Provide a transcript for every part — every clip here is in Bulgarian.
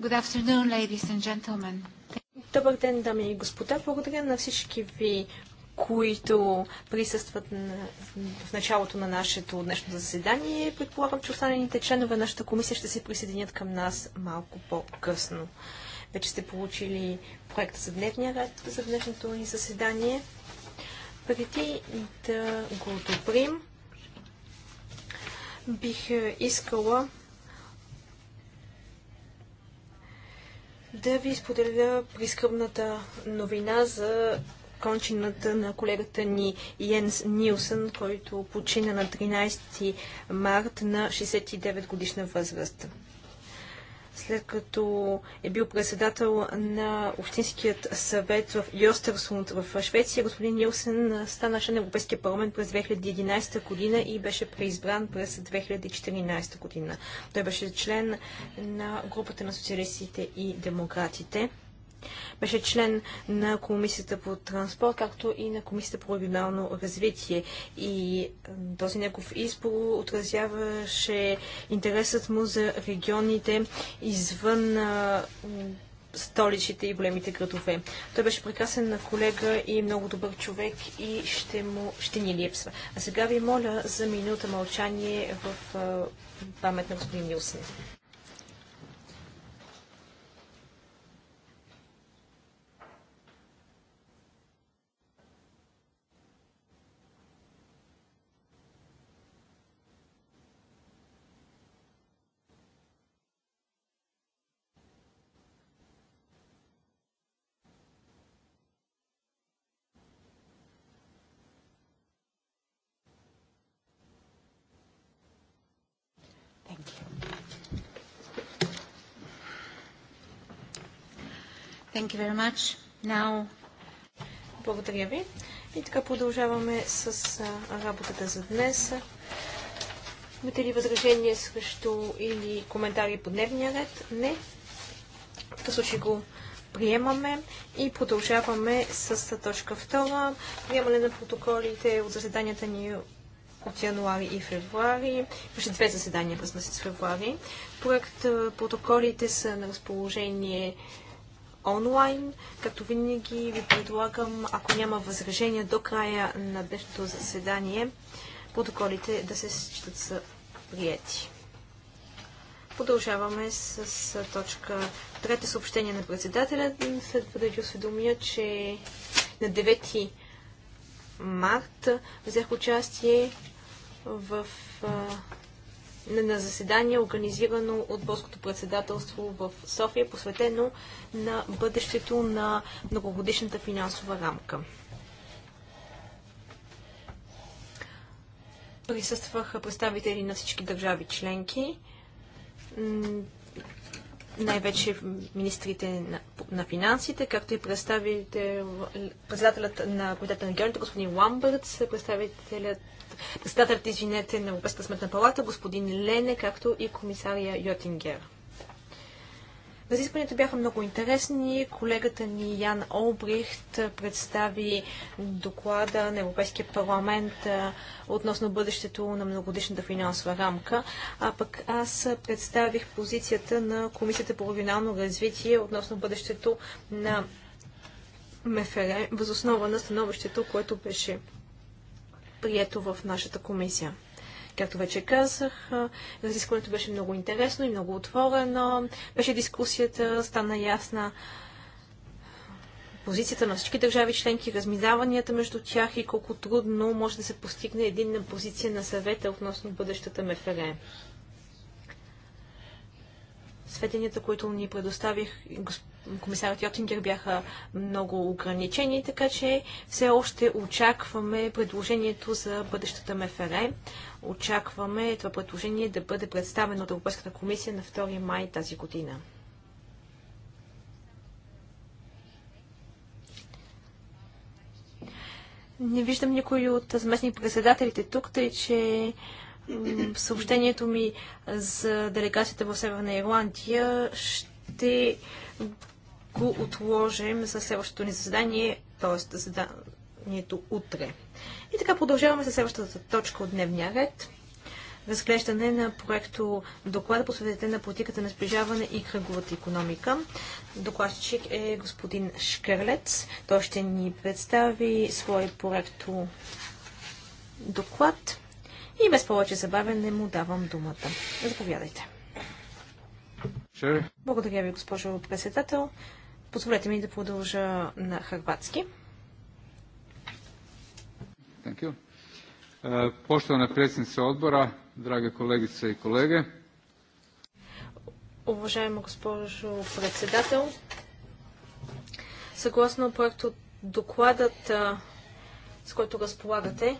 Good afternoon, ladies and gentlemen. Добър ден, дами и господа. Благодаря на всички ви, които присъстват в началото на нашето днешно заседание. Предполагам, че останалите членове на нашата комисия ще се присъединят към нас малко по-късно. Вече сте получили проекта за дневния ред за днешното ни заседание. Преди да го одобрим, бих е, искала да ви споделя прискръбната новина за кончината на колегата ни Йенс Нилсън, който почина на 13 март на 69 годишна възраст след като е бил председател на Общинският съвет в Йостерсунд в Швеция, господин Нилсен стана член на Европейския парламент през 2011 година и беше преизбран през 2014 година. Той беше член на групата на социалистите и демократите. Беше член на Комисията по транспорт, както и на Комисията по регионално развитие. И този негов избор отразяваше интересът му за регионите извън столичите и големите градове. Той беше прекрасен на колега и много добър човек и ще, му, ще ни липсва. А сега ви моля за минута мълчание в памет на господин Нилсен. Thank you very much. Now... Благодаря ви. И така продължаваме с работата за днес. Имате ли възражение срещу или коментари по дневния ред? Не. В този случай го приемаме и продължаваме с точка 2. Приемане на протоколите от заседанията ни от януари и февруари. Имаше две заседания през месец февруари. Проект протоколите са на разположение онлайн. Като винаги ви предлагам, ако няма възражения до края на днешното заседание, протоколите да се считат са прияти. Продължаваме с, с точка трета съобщение на председателя. Следва да ви осведомя, че на 9 март взех участие в на заседание, организирано от Боското председателство в София, посветено на бъдещето на многогодишната финансова рамка. Присъстваха представители на всички държави членки, най-вече министрите на, на финансите, както и представителят на Комитета на регионите, господин Ламбъртс, представителят председателят, извинете, на Европейската сметна палата, господин Лене, както и комисария Йотингер. Разискванията бяха много интересни. Колегата ни Ян Олбрихт представи доклада на Европейския парламент относно бъдещето на многодишната финансова рамка, а пък аз представих позицията на Комисията по регионално развитие относно бъдещето на МФР, възоснова на становището, което беше прието в нашата комисия. Както вече казах, разискването беше много интересно и много отворено. Беше дискусията, стана ясна позицията на всички държави членки, разминаванията между тях и колко трудно може да се постигне единна позиция на съвета относно бъдещата МФР. Сведенията, които ни предоставих, комисарът Йотингер бяха много ограничени, така че все още очакваме предложението за бъдещата МФР. Очакваме това предложение да бъде представено от Европейската комисия на 2 май тази година. Не виждам никой от заместни председателите тук, тъй че съобщението ми за делегацията в Северна Ирландия ще го отложим за следващото ни заседание, т.е. заседанието утре. И така продължаваме с следващата точка от дневния ред. Разглеждане на проекто доклада посветен на политиката на сближаване и кръговата економика. Докладчик е господин Шкърлец. Той ще ни представи свой проекто доклад. И без повече забавяне му давам думата. Заповядайте. Благодаря ви, госпожо председател. Позволете ми да продължа на хрватски. Thank you. Poštovana predsjednice odbora, drage kolegice i kolege. Уважаема госпожо председател, съгласно проекто докладът, е, с който разполагате,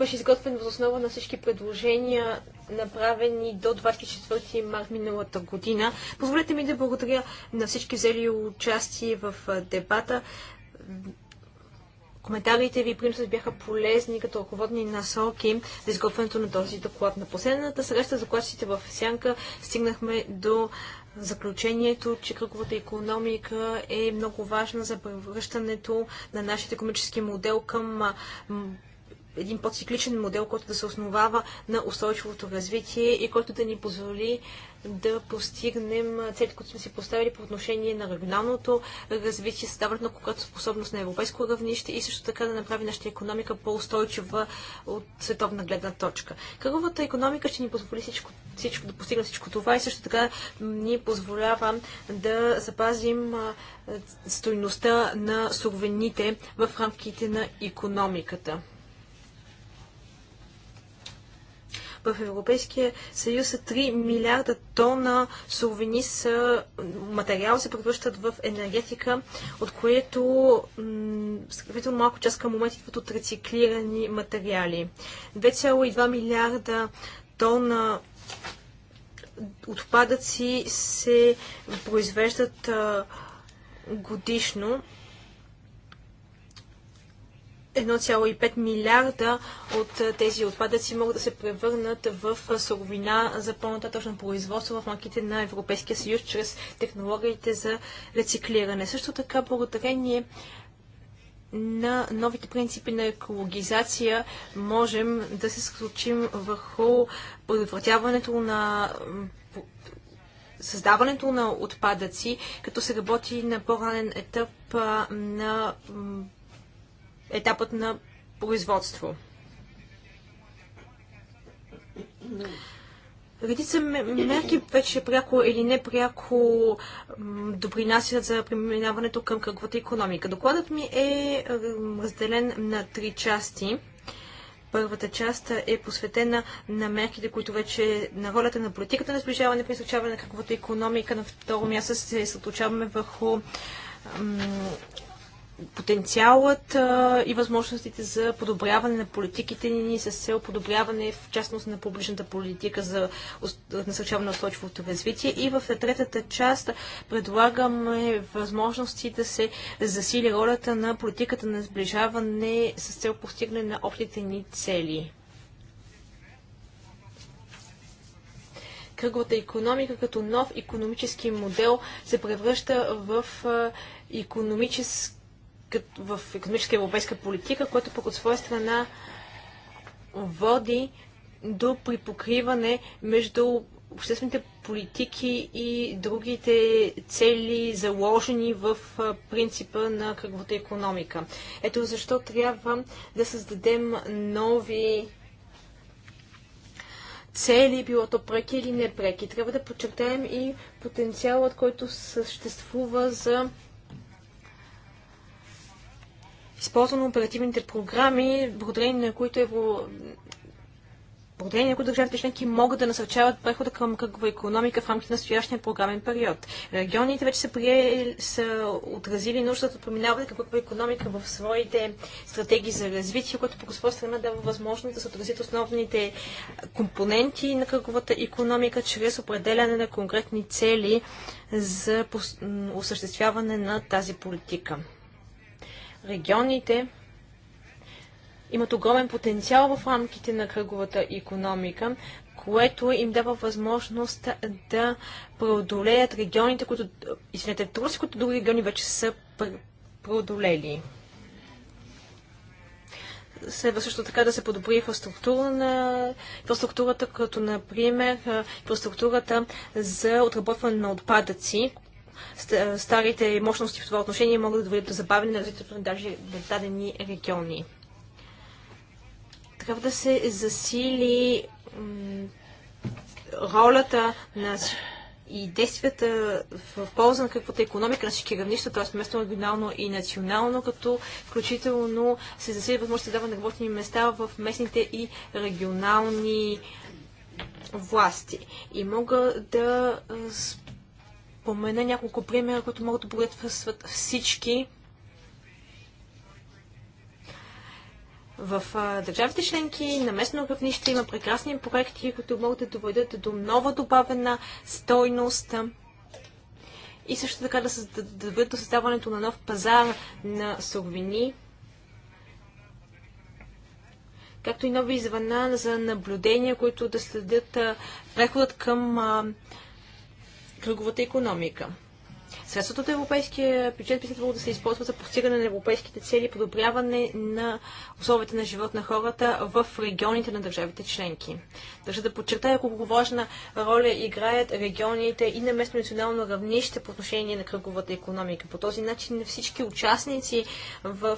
беше изготвен в основа на всички предложения, направени до 24 март миналата година. Позволете ми да благодаря на всички взели участие в дебата. Коментарите ви, приносът бяха полезни като ръководни насоки за изготвянето на този доклад. На последната среща за класите в Сянка стигнахме до заключението, че кръговата економика е много важна за превръщането на нашия економически модел към един подцикличен модел, който да се основава на устойчивото развитие и който да ни позволи да постигнем цели, които сме си поставили по отношение на регионалното развитие, създаването на конкретна способност на европейско равнище и също така да направи нашата економика по-устойчива от световна гледна точка. Кръговата економика ще ни позволи всичко, всичко, да постигнем всичко това и също така ни позволява да запазим стойността на суровините в рамките на економиката. В Европейския съюз са 3 милиарда тона суровини с материал се превръщат в енергетика, от което сравнително малко част към момента идват от рециклирани материали. 2,2 милиарда тона отпадъци се произвеждат годишно. 1,5 милиарда от е, тези отпадъци могат да се превърнат в е, суровина за по-нататъчно производство в рамките на Европейския съюз чрез технологиите за рециклиране. Също така, благодарение на новите принципи на екологизация можем да се случим върху предотвратяването на създаването на отпадъци, като се работи на по-ранен етап на етапът на производство. Редица мерки вече пряко или непряко допринасят за преминаването към кръговата економика. Докладът ми е, е разделен на три части. Първата част е посветена на мерките, които вече на ролята на политиката на сближаване при на кръговата економика. На второ място се съточаваме върху потенциалът а, и възможностите за подобряване на политиките ни с цел подобряване в частност на публичната политика за насърчаване на устойчивото развитие. И в третата част предлагаме възможности да се засили ролята на политиката на сближаване с цел постигане на общите ни цели. кръговата економика като нов економически модел се превръща в економически в економическа европейска политика, което пък от своя страна води до припокриване между обществените политики и другите цели, заложени в принципа на кръговата економика. Ето защо трябва да създадем нови цели, било то преки или непреки. Трябва да подчертаем и потенциалът, който съществува за използвано оперативните програми, благодарение на които евро... Благодарение на които държавите членки могат да насърчават прехода към кръгова економика в рамките на настоящия програмен период. Регионите вече са, приели, са отразили нуждата от преминаване към кръгова економика в своите стратегии за развитие, което по своя страна дава възможност да се отразят основните компоненти на кръговата економика чрез определяне на конкретни цели за осъществяване на тази политика. Регионите имат огромен потенциал в рамките на кръговата економика, което им дава възможност да преодолеят регионите, които, извинете, трудности, които други региони вече са преодолели. Следва също така да се подобри инфраструктурата, като например инфраструктурата за отработване на отпадъци, старите мощности в това отношение могат да доведат до забавяне на развитието на даже дадени региони. Трябва да се засили ролята на и действията в полза на каквото е економика на всички равнища, т.е. местно, регионално и национално, като включително се засили възможността да дава на работни места в местните и регионални власти. И мога да спомена няколко примера, които могат да богатстват всички. В държавите членки на местно равнище има прекрасни проекти, които могат да доведат до нова добавена стойност и също така да, да доведат до създаването на нов пазар на суровини, както и нови звена за наблюдения, които да следят преходът към а, кръговата економика. Средствата от европейския бюджет би следвало да се използват за постигане на европейските цели, подобряване на условията на живот на хората в регионите на държавите членки. Държа да подчертая колко важна роля играят регионите и на местно национално равнище по отношение на кръговата економика. По този начин всички участници в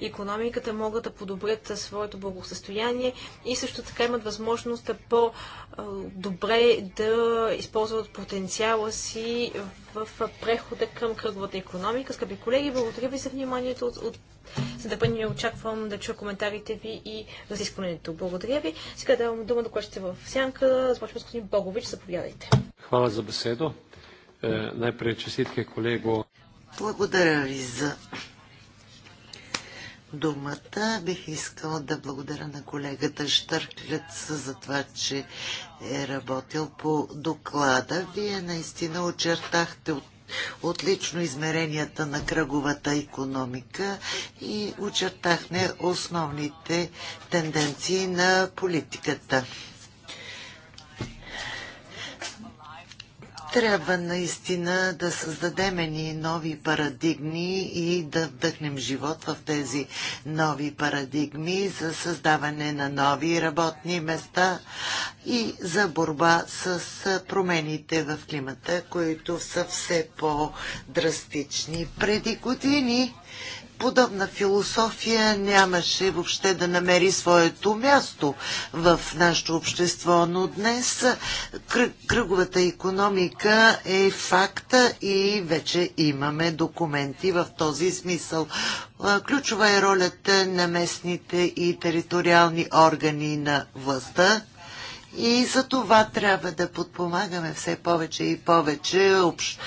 економиката могат да подобрят своето благосъстояние и също така имат възможност по-добре да използват потенциала си в прехода към кръговата економика. Скъпи колеги, благодаря ви за вниманието. От, от... За да бъдем очаквам да чуя коментарите ви и разискването. Благодаря ви. Сега давам дума до което сте в сянка. Започваме с господин Богович. Заповядайте. Хвала за беседо. Е, най-пред честитки колего. Благодаря ви за думата. Бих искала да благодаря на колегата Штърклец за това, че е работил по доклада. Вие наистина очертахте от отлично измеренията на кръговата економика и очертахме основните тенденции на политиката. Трябва наистина да създадем ни нови парадигми и да вдъхнем живот в тези нови парадигми за създаване на нови работни места и за борба с промените в климата, които са все по-драстични. Преди години подобна философия нямаше въобще да намери своето място в нашето общество, но днес кръговата економика е факта и вече имаме документи в този смисъл. Ключова е ролята на местните и териториални органи на властта. И за това трябва да подпомагаме все повече и повече общ,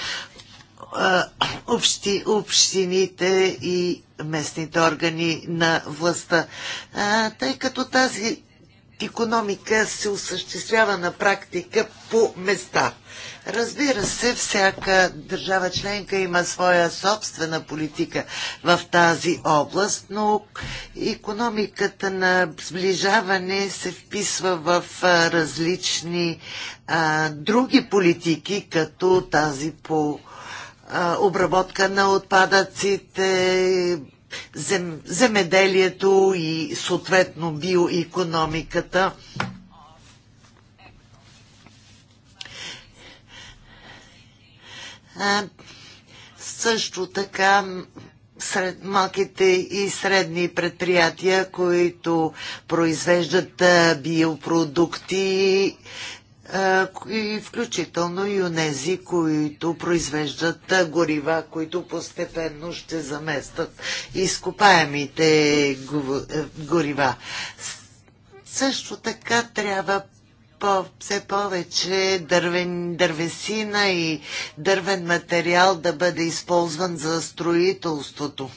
общи, общините и местните органи на властта. А, тъй като тази економика се осъществява на практика по места. Разбира се, всяка държава членка има своя собствена политика в тази област, но економиката на сближаване се вписва в различни а, други политики, като тази по обработка на отпадъците, зем, земеделието и съответно биоекономиката. също така сред малките и средни предприятия, които произвеждат биопродукти, и включително и онези, които произвеждат горива, които постепенно ще заместят изкопаемите е, горива. Също така трябва по, все повече дървен, дървесина и дървен материал да бъде използван за строителството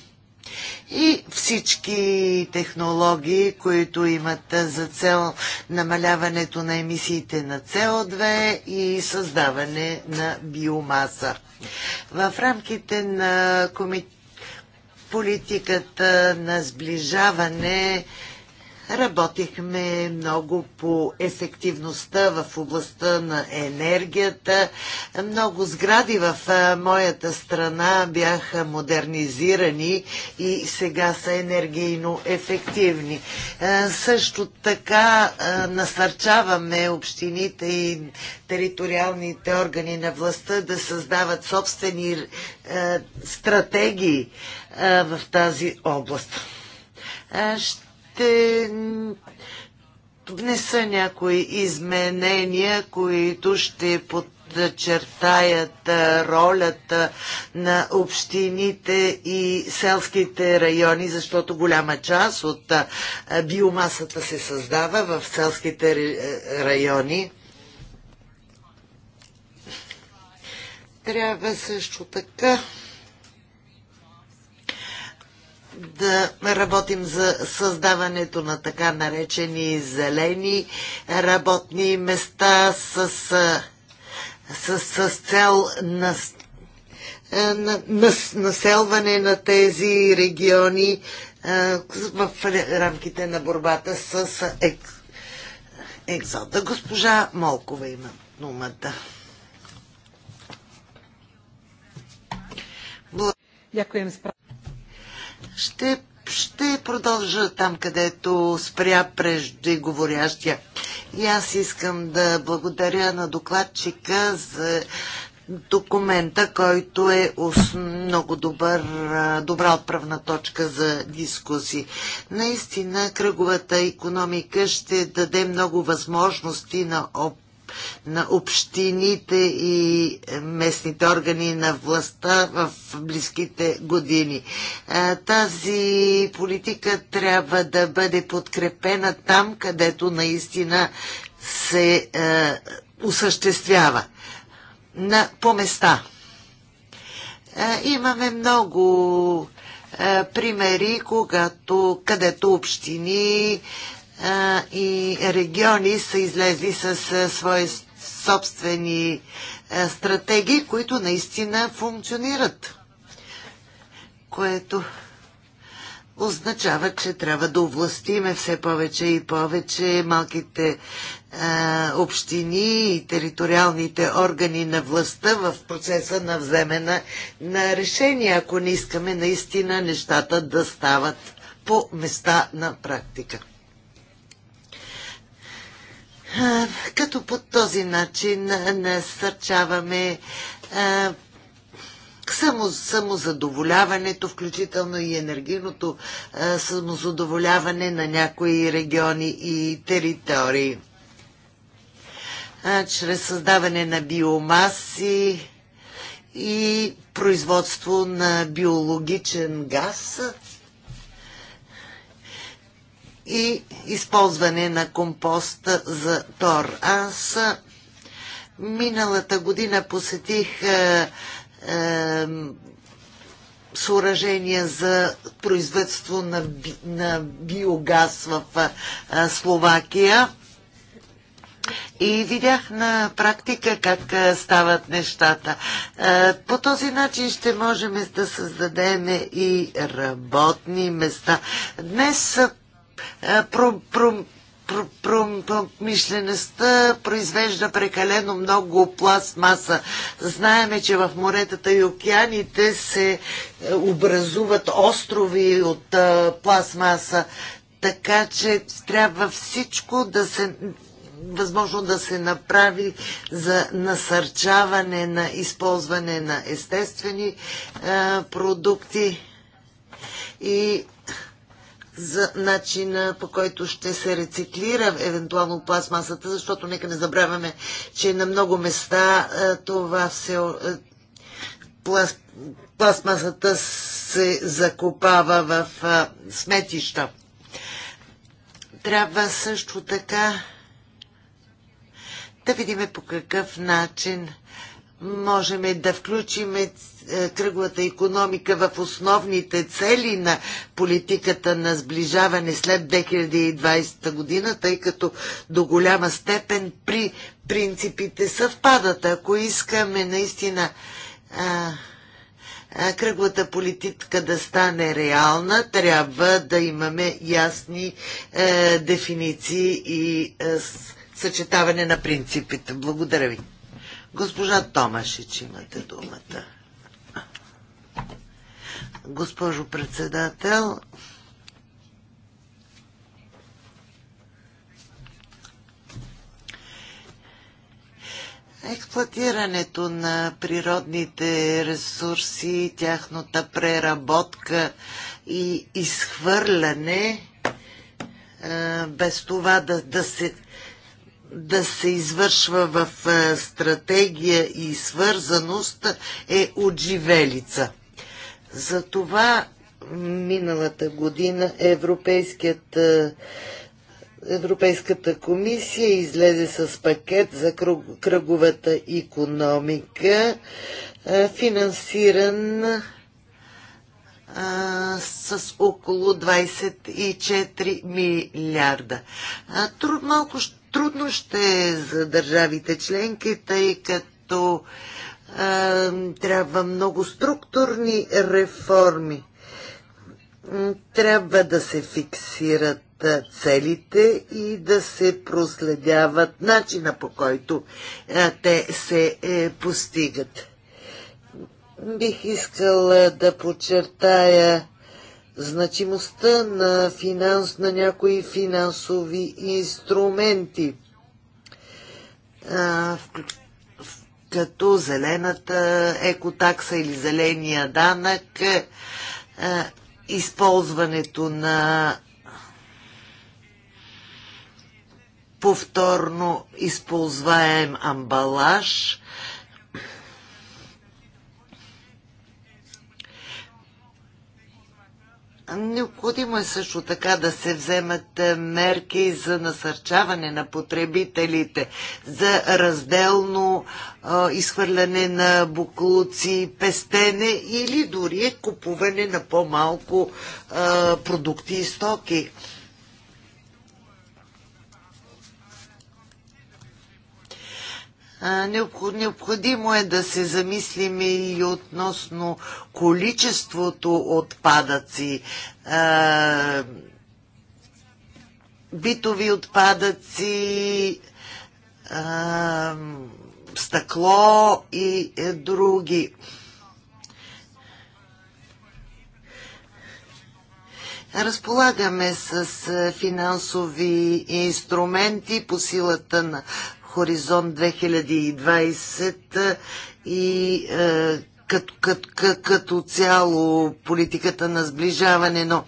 и всички технологии, които имат за цел намаляването на емисиите на СО2 и създаване на биомаса. В рамките на комит... политиката на сближаване Работихме много по ефективността в областта на енергията. Много сгради в моята страна бяха модернизирани и сега са енергийно ефективни. Също така насърчаваме общините и териториалните органи на властта да създават собствени стратегии в тази област. Ще ще внеса някои изменения, които ще подчертаят ролята на общините и селските райони, защото голяма част от биомасата се създава в селските райони. Трябва също така да работим за създаването на така наречени зелени работни места с, с, с, с цел на, населване на тези региони в рамките на борбата с ек, екзота. Госпожа Молкова има думата. Благодаря. Ще, ще продължа там, където спря преждеговорящия. И аз искам да благодаря на докладчика за документа, който е много добър, добра отправна точка за дискусии. Наистина, кръговата економика ще даде много възможности на ОП на общините и местните органи на властта в близките години. Тази политика трябва да бъде подкрепена там, където наистина се е, осъществява. На, по места. Е, имаме много примери, когато, където общини и региони са излезли с свои собствени стратегии, които наистина функционират. Което означава, че трябва да овластиме все повече и повече малките а, общини и териториалните органи на властта в процеса на вземена на решение, ако не искаме наистина нещата да стават по места на практика като по този начин насърчаваме само, самозадоволяването, включително и енергийното самозадоволяване на някои региони и територии. А, чрез създаване на биомаси и производство на биологичен газ – и използване на компост за тор. Аз миналата година посетих е, е, съоръжения за производство на, би, на биогаз в е, Словакия. И видях на практика как стават нещата. По този начин ще можем да създадем и работни места. Днес е, промишлеността произвежда прекалено много пластмаса. Знаеме, че в моретата и океаните се е, образуват острови от е, пластмаса, така че трябва всичко да се възможно да се направи за насърчаване на използване на естествени продукти и за начина по който ще се рециклира евентуално пластмасата, защото нека не забравяме, че на много места е, това все е, пласт, пластмасата се закопава в е, сметища. Трябва също така да видим по какъв начин можем да включим е, кръглата економика в основните цели на политиката на сближаване след 2020 година, тъй като до голяма степен при принципите съвпадат. Ако искаме наистина а, а, кръглата политика да стане реална, трябва да имаме ясни а, е, дефиниции и а, е, съчетаване на принципите. Благодаря ви. Госпожа Томашич, имате думата госпожо председател. Експлуатирането на природните ресурси, тяхната преработка и изхвърляне, без това да, да, се, да се извършва в стратегия и свързаност, е отживелица. За това миналата година Европейският е, Европейската комисия излезе с пакет за кръговата економика, е, финансиран е, с около 24 милиарда. Труд, малко трудно ще е за държавите членки, тъй като а, трябва много структурни реформи. Трябва да се фиксират целите и да се проследяват начина по който те се е, постигат. Бих искала да подчертая значимостта на, финанс, на някои финансови инструменти, като зелената екотакса или зеления данък, е, използването на повторно използваем амбалаж – Необходимо е също така да се вземат е, мерки за насърчаване на потребителите, за разделно а, е, изхвърляне на буклуци, пестене или дори купуване на по-малко е, продукти и стоки. Необходимо е да се замислим и относно количеството отпадъци, битови отпадъци, стъкло и е, други. Разполагаме с е, финансови инструменти по силата на Хоризонт 2020 и е, като, като, като, като цяло политиката на сближаване, но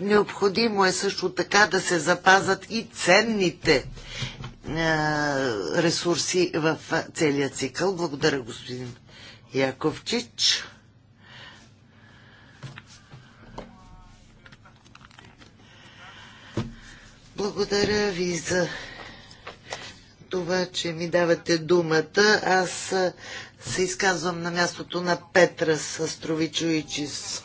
Необходимо е също така да се запазат и ценните е, ресурси в е, целия цикъл. Благодаря, господин Яковчич. Благодаря ви за това, че ми давате думата. Аз се изказвам на мястото на Петра Астровичуичис.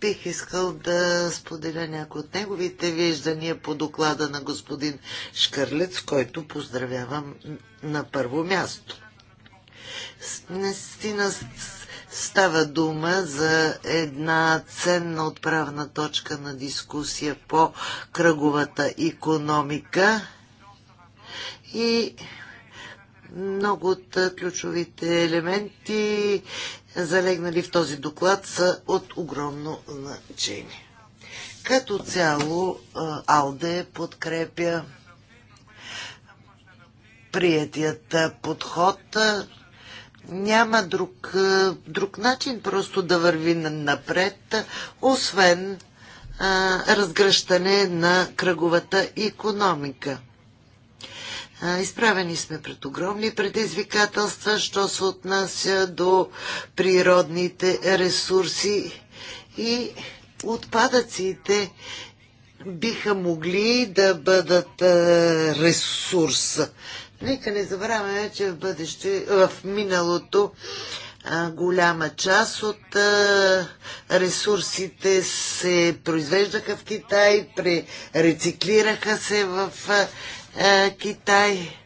Бих искал да споделя някои от неговите виждания по доклада на господин Шкърлец, който поздравявам на първо място. нас Става дума за една ценна отправна точка на дискусия по кръговата економика и много от ключовите елементи, залегнали в този доклад, са от огромно значение. Като цяло АЛДЕ подкрепя приятият подход, няма друг, е, друг начин просто да върви напред, освен а, е, разгръщане на кръговата економика. А, е, изправени сме пред огромни предизвикателства, що се отнася до природните ресурси и отпадъците биха могли да бъдат ресурс. Нека не забравяме, че в бъдеще, в миналото голяма част от ресурсите се произвеждаха в Китай, рециклираха се в Китай.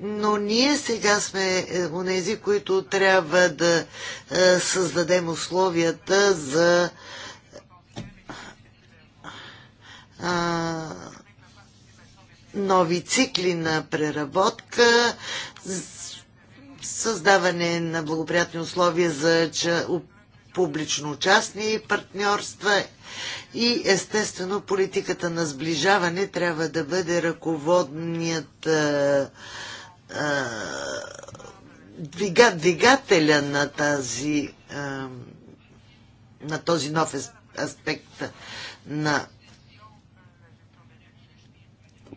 Но ние сега сме е, онези, които трябва да е, създадем условията за нови цикли на преработка, създаване на благоприятни условия за публично-частни партньорства и естествено политиката на сближаване трябва да бъде ръководният а, а, двига, двигателя на тази а, на този нов аспект на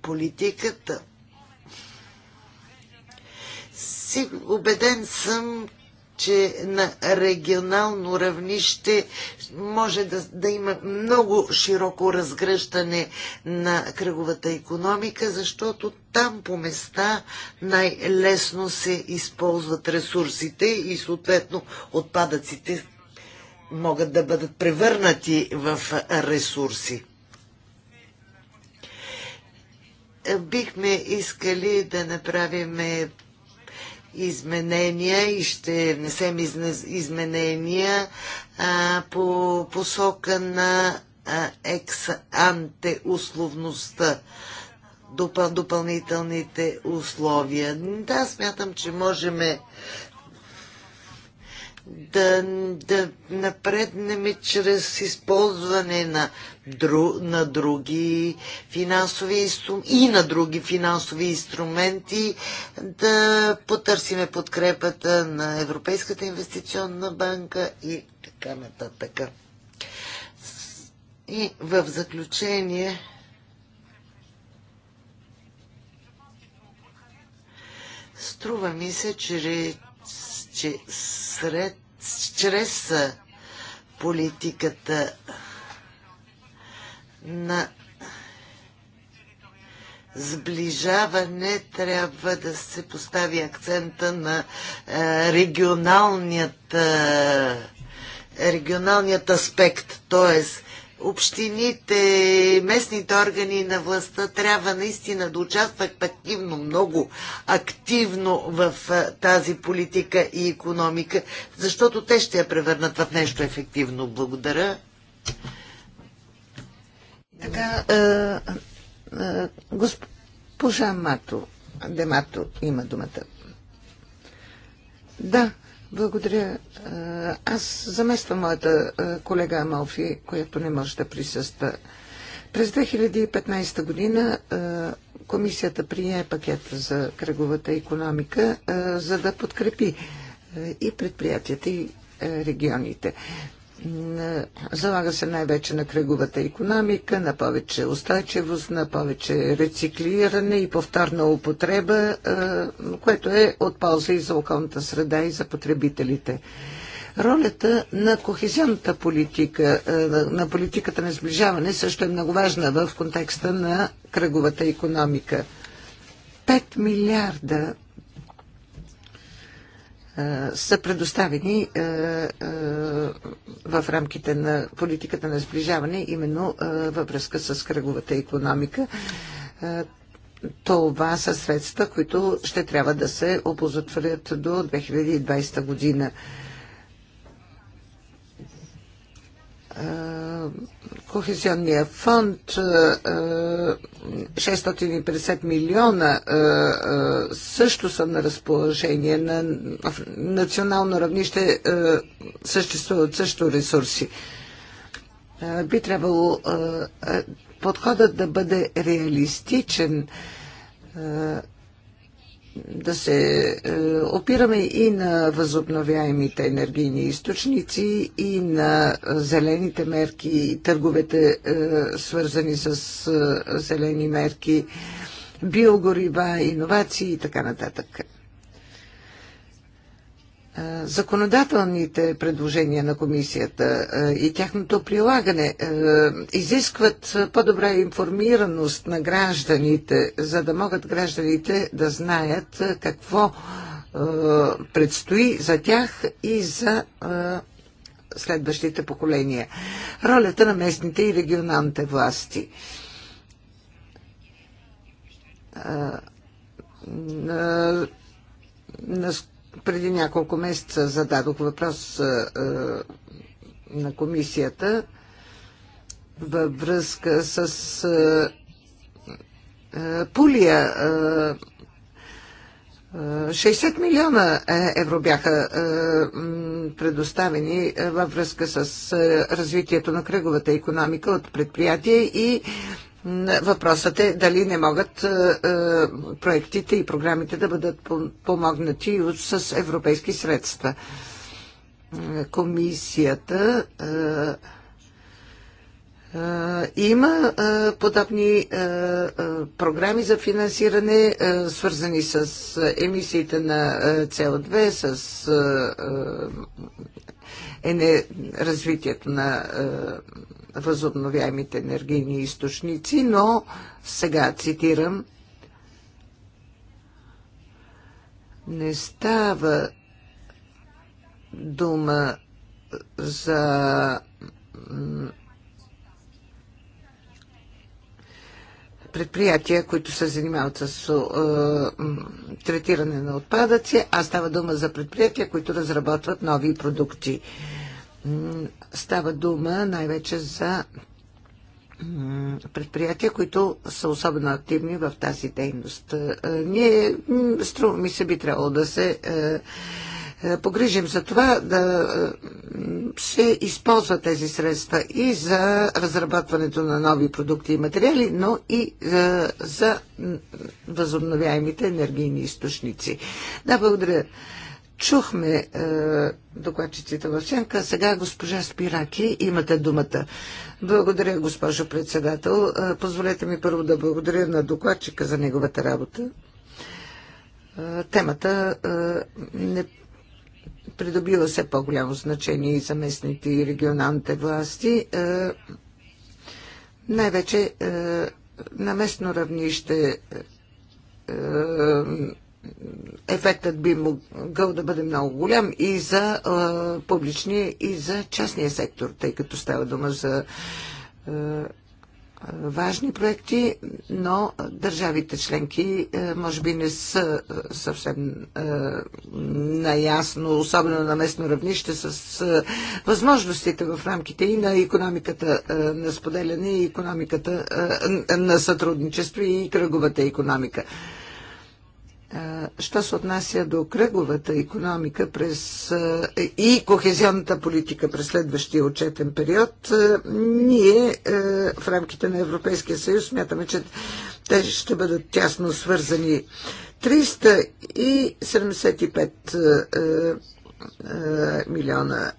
политиката. Обеден съм, че на регионално равнище може да, да има много широко разгръщане на кръговата економика, защото там по места най-лесно се използват ресурсите и съответно отпадъците могат да бъдат превърнати в ресурси. бихме искали да направим изменения и ще внесем изменения а, по посока на екс-анте условността, допъл, допълнителните условия. Да, смятам, че можем да, да напреднем чрез използване на, дру, на други финансови инструменти и на други финансови инструменти, да потърсиме подкрепата на Европейската инвестиционна банка и така нататък. И в заключение струва ми се, че че сред, чрез политиката на сближаване трябва да се постави акцента на е, регионалният, е, регионалният аспект, т.е общините, местните органи на властта трябва наистина да участват активно, много активно в тази политика и економика, защото те ще я превърнат в нещо ефективно. Благодаря. Така, госпожа Мато, Демато има думата. Да, благодаря. Аз замествам моята колега Амалфи, която не може да присъства. През 2015 година комисията прие пакет за кръговата економика, за да подкрепи и предприятията, и регионите. Залага се най-вече на кръговата економика, на повече устойчивост, на повече рециклиране и повторна употреба, е, което е от полза и за околната среда и за потребителите. Ролята на кохезионната политика, е, на политиката на сближаване също е много важна в контекста на кръговата економика. 5 милиарда е, са предоставени е, е, в рамките на политиката на сближаване, именно във връзка с кръговата економика. Това са средства, които ще трябва да се опозотворят до 2020 година Кохезионния фонд 650 е, е, милиона е, също са на разположение на национално равнище съществуват също ресурси. Би трябвало подходът да бъде реалистичен да се е, опираме и на възобновяемите енергийни източници, и на зелените мерки, и търговете е, свързани с е, зелени мерки, биогорива, иновации и така нататък. Е, законодателните предложения на комисията е, и тяхното прилагане е, изискват по-добра информираност на гражданите, за да могат гражданите да знаят какво предстои за тях и за следващите поколения. Ролята на местните и регионалните власти преди няколко месеца зададох въпрос на комисията във връзка с Пулия. 60 милиона е, евро бяха предоставени във връзка с развитието на кръговата економика от предприятия и Въпросът е дали не могат е, е, проектите и програмите да бъдат помогнати с европейски средства. Е, комисията има подобни програми за финансиране, свързани с емисиите на CO2, с развитието на възобновяемите енергийни източници, но сега цитирам не става дума за предприятия, които се занимават с е, третиране на отпадъци, а става дума за предприятия, които разработват нови продукти. Е, Става дума най-вече за предприятия, които са особено активни в тази дейност. Е, ние, струва ми се, би трябвало да се е, е, погрижим за това да се използва тези средства и за разработването на нови продукти и материали, но и за възобновяемите енергийни източници. Да, благодаря чухме е, докладчиците в Сенка. Сега госпожа Спираки, имате думата. Благодаря, госпожо председател. Е, позволете ми първо да благодаря на докладчика за неговата работа. Е, темата е, не придобива все по-голямо значение и за местните и регионалните власти. Е, най-вече е, на местно равнище е, ефектът би могъл да бъде много голям и за а, публичния, и за частния сектор, тъй като става дума за а, важни проекти, но държавите членки а, може би не са съвсем а, наясно, особено на местно равнище, с а, възможностите в рамките и на економиката а, на споделяне, и економиката а, на сътрудничество и кръговата економика. Що се отнася до кръговата економика през, и кохезионната политика през следващия отчетен период, ние в рамките на Европейския съюз смятаме, че те ще бъдат тясно свързани. 375 милиона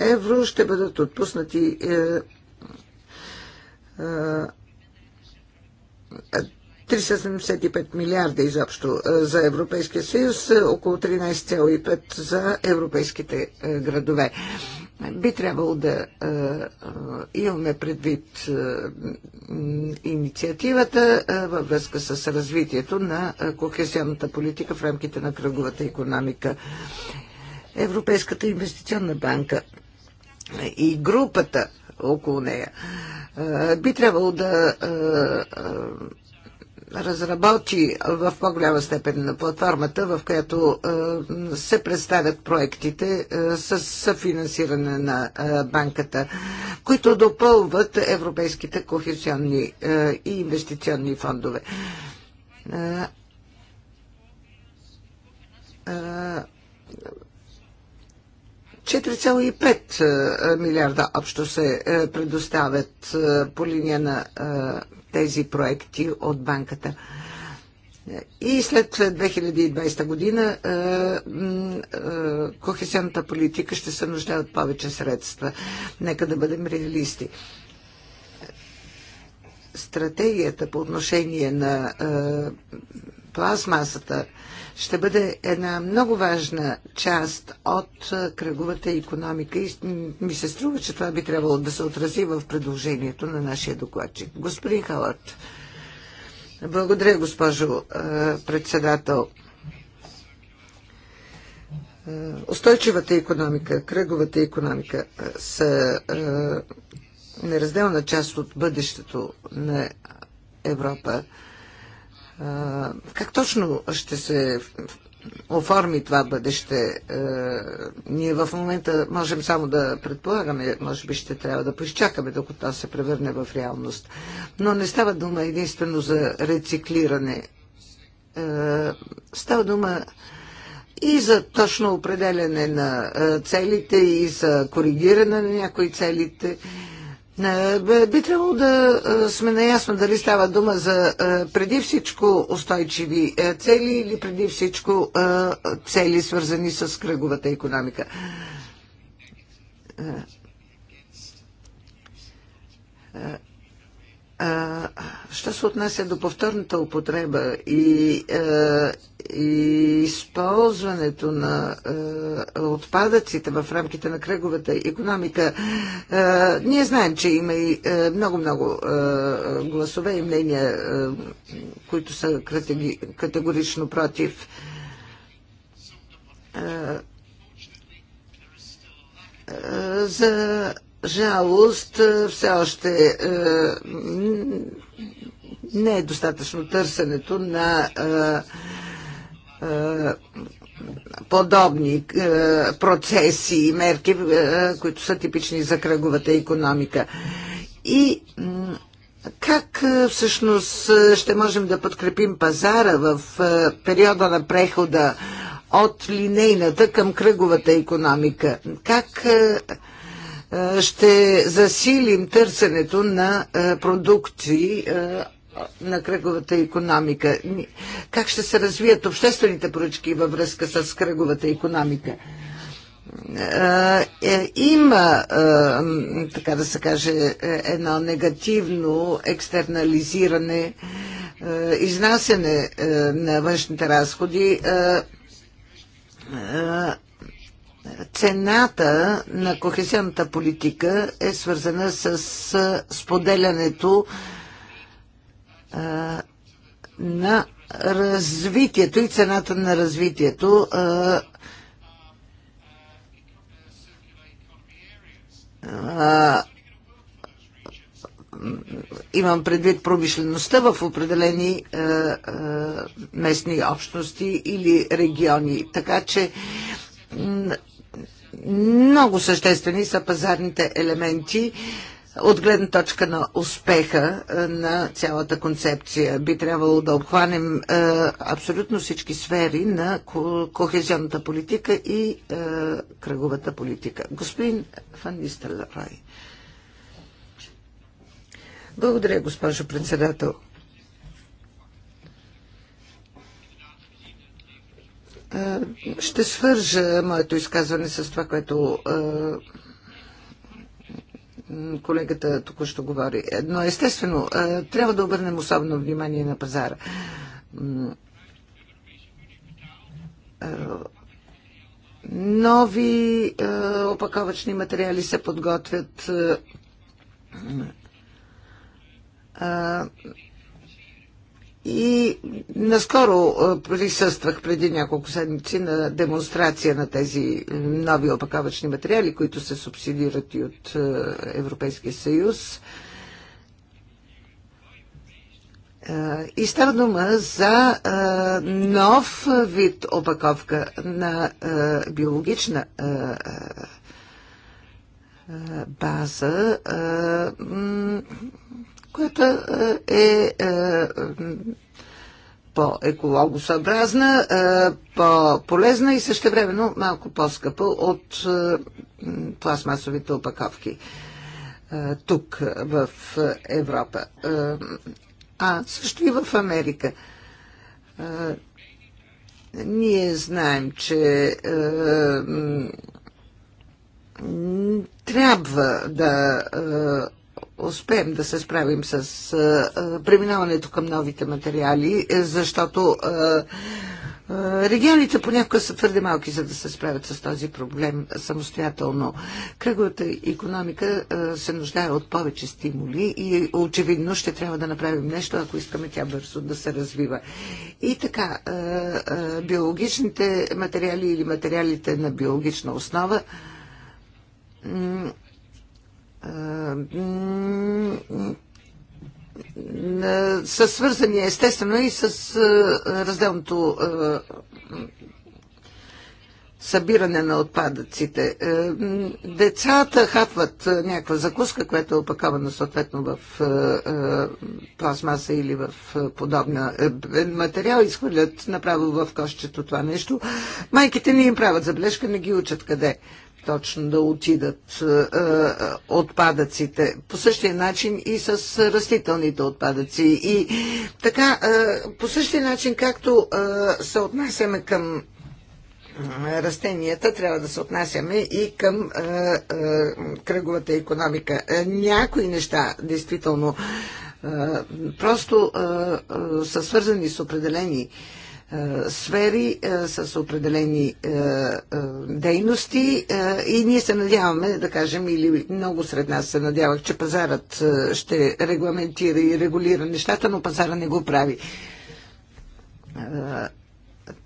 евро ще бъдат отпуснати 375 милиарда изобщо е, за Европейския съюз, е, около 13,5 за европейските е, градове. Би трябвало да имаме предвид инициативата във връзка с развитието на кохезионната политика в рамките на кръговата економика. Европейската инвестиционна банка и групата около нея би трябвало да разработи в по-голяма степен на платформата, в която е, се представят проектите е, с съфинансиране на е, банката, които допълват европейските кохезионни и инвестиционни фондове а, 4,5 милиарда общо се предоставят по линия на тези проекти от банката. И след 2020 година е, е, кохесионната политика ще се нуждае от повече средства. Нека да бъдем реалисти. Стратегията по отношение на е, пластмасата ще бъде една много важна част от е, кръговата економика и ми се струва, че това би трябвало да се отрази в предложението на нашия докладчик. Господин Халат. Благодаря, госпожо е, председател. Е, устойчивата економика, кръговата економика са неразделна част от бъдещето на Европа. Как точно ще се оформи това бъдеще? Ние в момента можем само да предполагаме, може би ще трябва да поизчакаме, докато това се превърне в реалност. Но не става дума единствено за рециклиране. Става дума и за точно определене на целите, и за коригиране на някои целите. Е, би трябвало да е, сме наясно дали става дума за е, преди всичко устойчиви цели или преди всичко цели свързани с кръговата економика. Що се отнася до повторната употреба и, и използването на отпадъците в рамките на кръговата економика, ние знаем, че има и много-много гласове и мнения, които са категорично против за жалост е, все още е, не е достатъчно търсенето на е, подобни процеси и мерки, които са типични за кръговата економика. И как всъщност ще можем да подкрепим пазара в периода на прехода от линейната към кръговата економика? Как е, ще засилим търсенето на е, продукти е, на кръговата економика. Как ще се развият обществените поръчки във връзка с кръговата економика? има, така да се каже, едно негативно екстернализиране, изнасяне на външните разходи Цената на кохезионната политика е свързана с споделянето на развитието и цената на развитието имам предвид промишлеността в определени местни общности или региони. Така че много съществени са пазарните елементи от гледна точка на успеха е, на цялата концепция. Би трябвало да обхванем е, абсолютно всички сфери на кохезионната политика и е, кръговата политика. Господин Фан Рай. Благодаря, госпожо председател. Е, ще свържа моето изказване с това, което е, колегата току-що говори. Но естествено, е, трябва да обърнем особено внимание на пазара. Нови опаковачни материали се подготвят и наскоро присъствах преди няколко седмици на демонстрация на тези нови опаковачни материали, които се субсидират и от Европейския съюз. И става дума за нов вид опаковка на биологична база която е, е, е по-екологосъобразна, е, по-полезна и същевременно малко по-скъпа от е, пластмасовите опаковки тук в Европа. А също и в Америка. Ние знаем, че трябва да успеем да се справим с преминаването към новите материали, е, защото регионите понякога са твърде малки, за да се справят с този проблем самостоятелно. Кръговата економика се нуждае от повече стимули и очевидно ще трябва да направим нещо, ако искаме тя бързо да се развива. И така, биологичните материали или материалите на биологична основа са свързани естествено и с разделното събиране на отпадъците. Децата хапват някаква закуска, която е опакована съответно в пластмаса или в подобна материал, изхвърлят направо в кошчето това нещо. Майките не им правят забележка, не ги учат къде точно да отидат е, е, отпадъците. По същия начин и с растителните отпадъци. И така, е, по същия начин, както се отнасяме към растенията, трябва да се отнасяме и към е, е, кръговата економика. Някои неща, действително, е, просто са свързани с определени е, сфери, е, с определени е, дейности и ние се надяваме, да кажем, или много сред нас се надявах, че пазарът ще регламентира и регулира нещата, но пазара не го прави.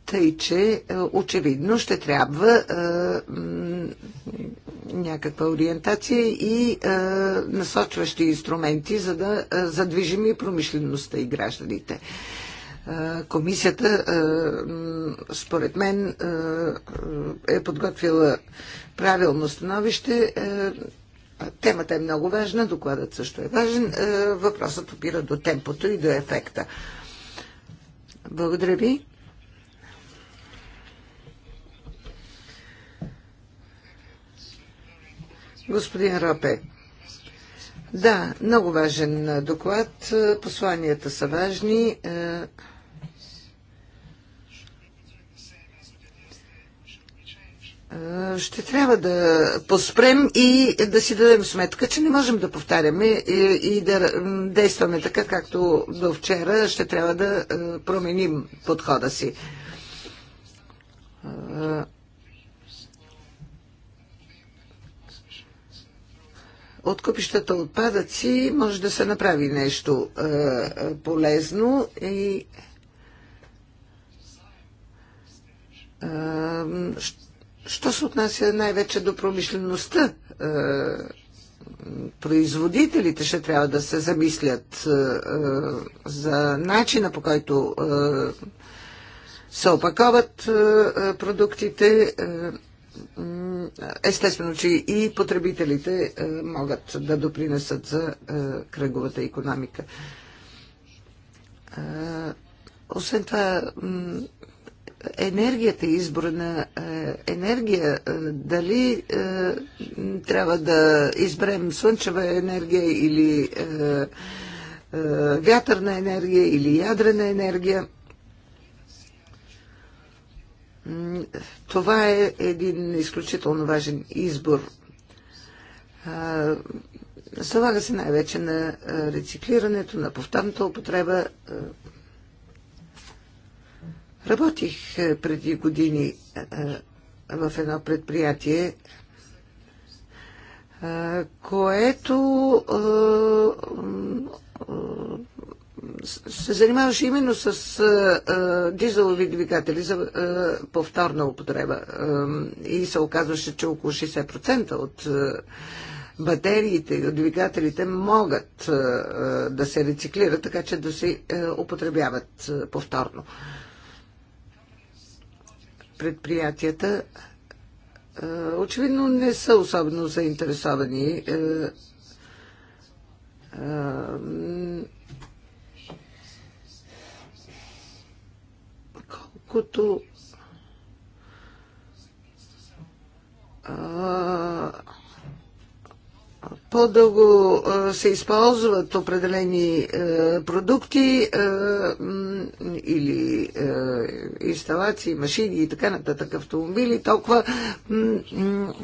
Тъй, че очевидно ще трябва някаква ориентация и насочващи инструменти, за да задвижим и промишлеността и гражданите. Комисията, според мен, е подготвила правилно становище. Темата е много важна, докладът също е важен. Въпросът опира до темпото и до ефекта. Благодаря ви. Господин Ропе, да, много важен доклад. Посланията са важни. Е, ще трябва да поспрем и да си дадем сметка, че не можем да повтаряме е, и да действаме така, както до вчера ще трябва да е, променим подхода си. От купищата отпадъци може да се направи нещо полезно и ще Що се отнася най-вече до промишлеността, е, производителите ще трябва да се замислят е, е, за начина по който се опаковат продуктите. Естествено, че и потребителите могат да допринесат за кръговата економика. Освен това, енергията, избора на е, енергия, е, дали е, трябва да изберем слънчева енергия или вятърна енергия или ядрена енергия. Това е един изключително важен избор. Залага се най-вече на рециклирането, на повторната употреба, Работих е, преди години е, в едно предприятие, е, което се занимаваше именно с а, дизелови двигатели за а, повторна употреба а, и се оказваше, че около 60% от а, батериите и двигателите могат а, да се рециклират, така че да се а, употребяват а, повторно. А, предприятията е, очевидно не са особено заинтересовани е, е, колкото а, по-дълго се използват определени продукти или инсталации, машини и така нататък, автомобили, толкова,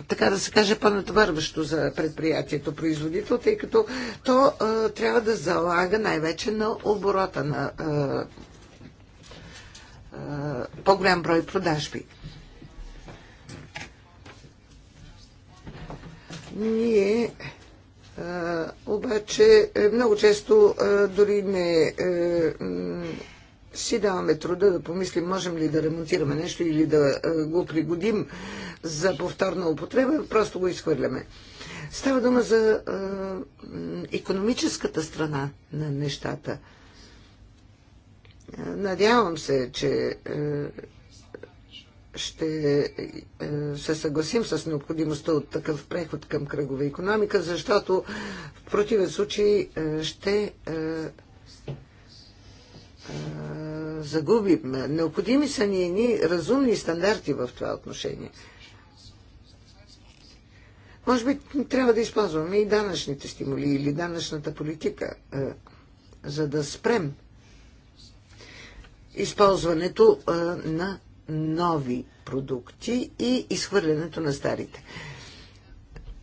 така да се каже, по натвърващо за предприятието производител, тъй като то трябва да залага най-вече на оборота на по-голям брой продажби. Ние обаче е, много често дори не е, си даваме труда да помислим, можем ли да ремонтираме нещо или да е, го пригодим за повторна употреба, просто го изхвърляме. Става дума за економическата страна на нещата. Надявам се, че ще е, се съгласим с необходимостта от такъв преход към кръгова економика, защото в противен случай е, ще е, загубим. Необходими са ни едни разумни стандарти в това отношение. Може би трябва да използваме и данъчните стимули или данъчната политика, за да спрем използването на нови продукти и изхвърлянето на старите.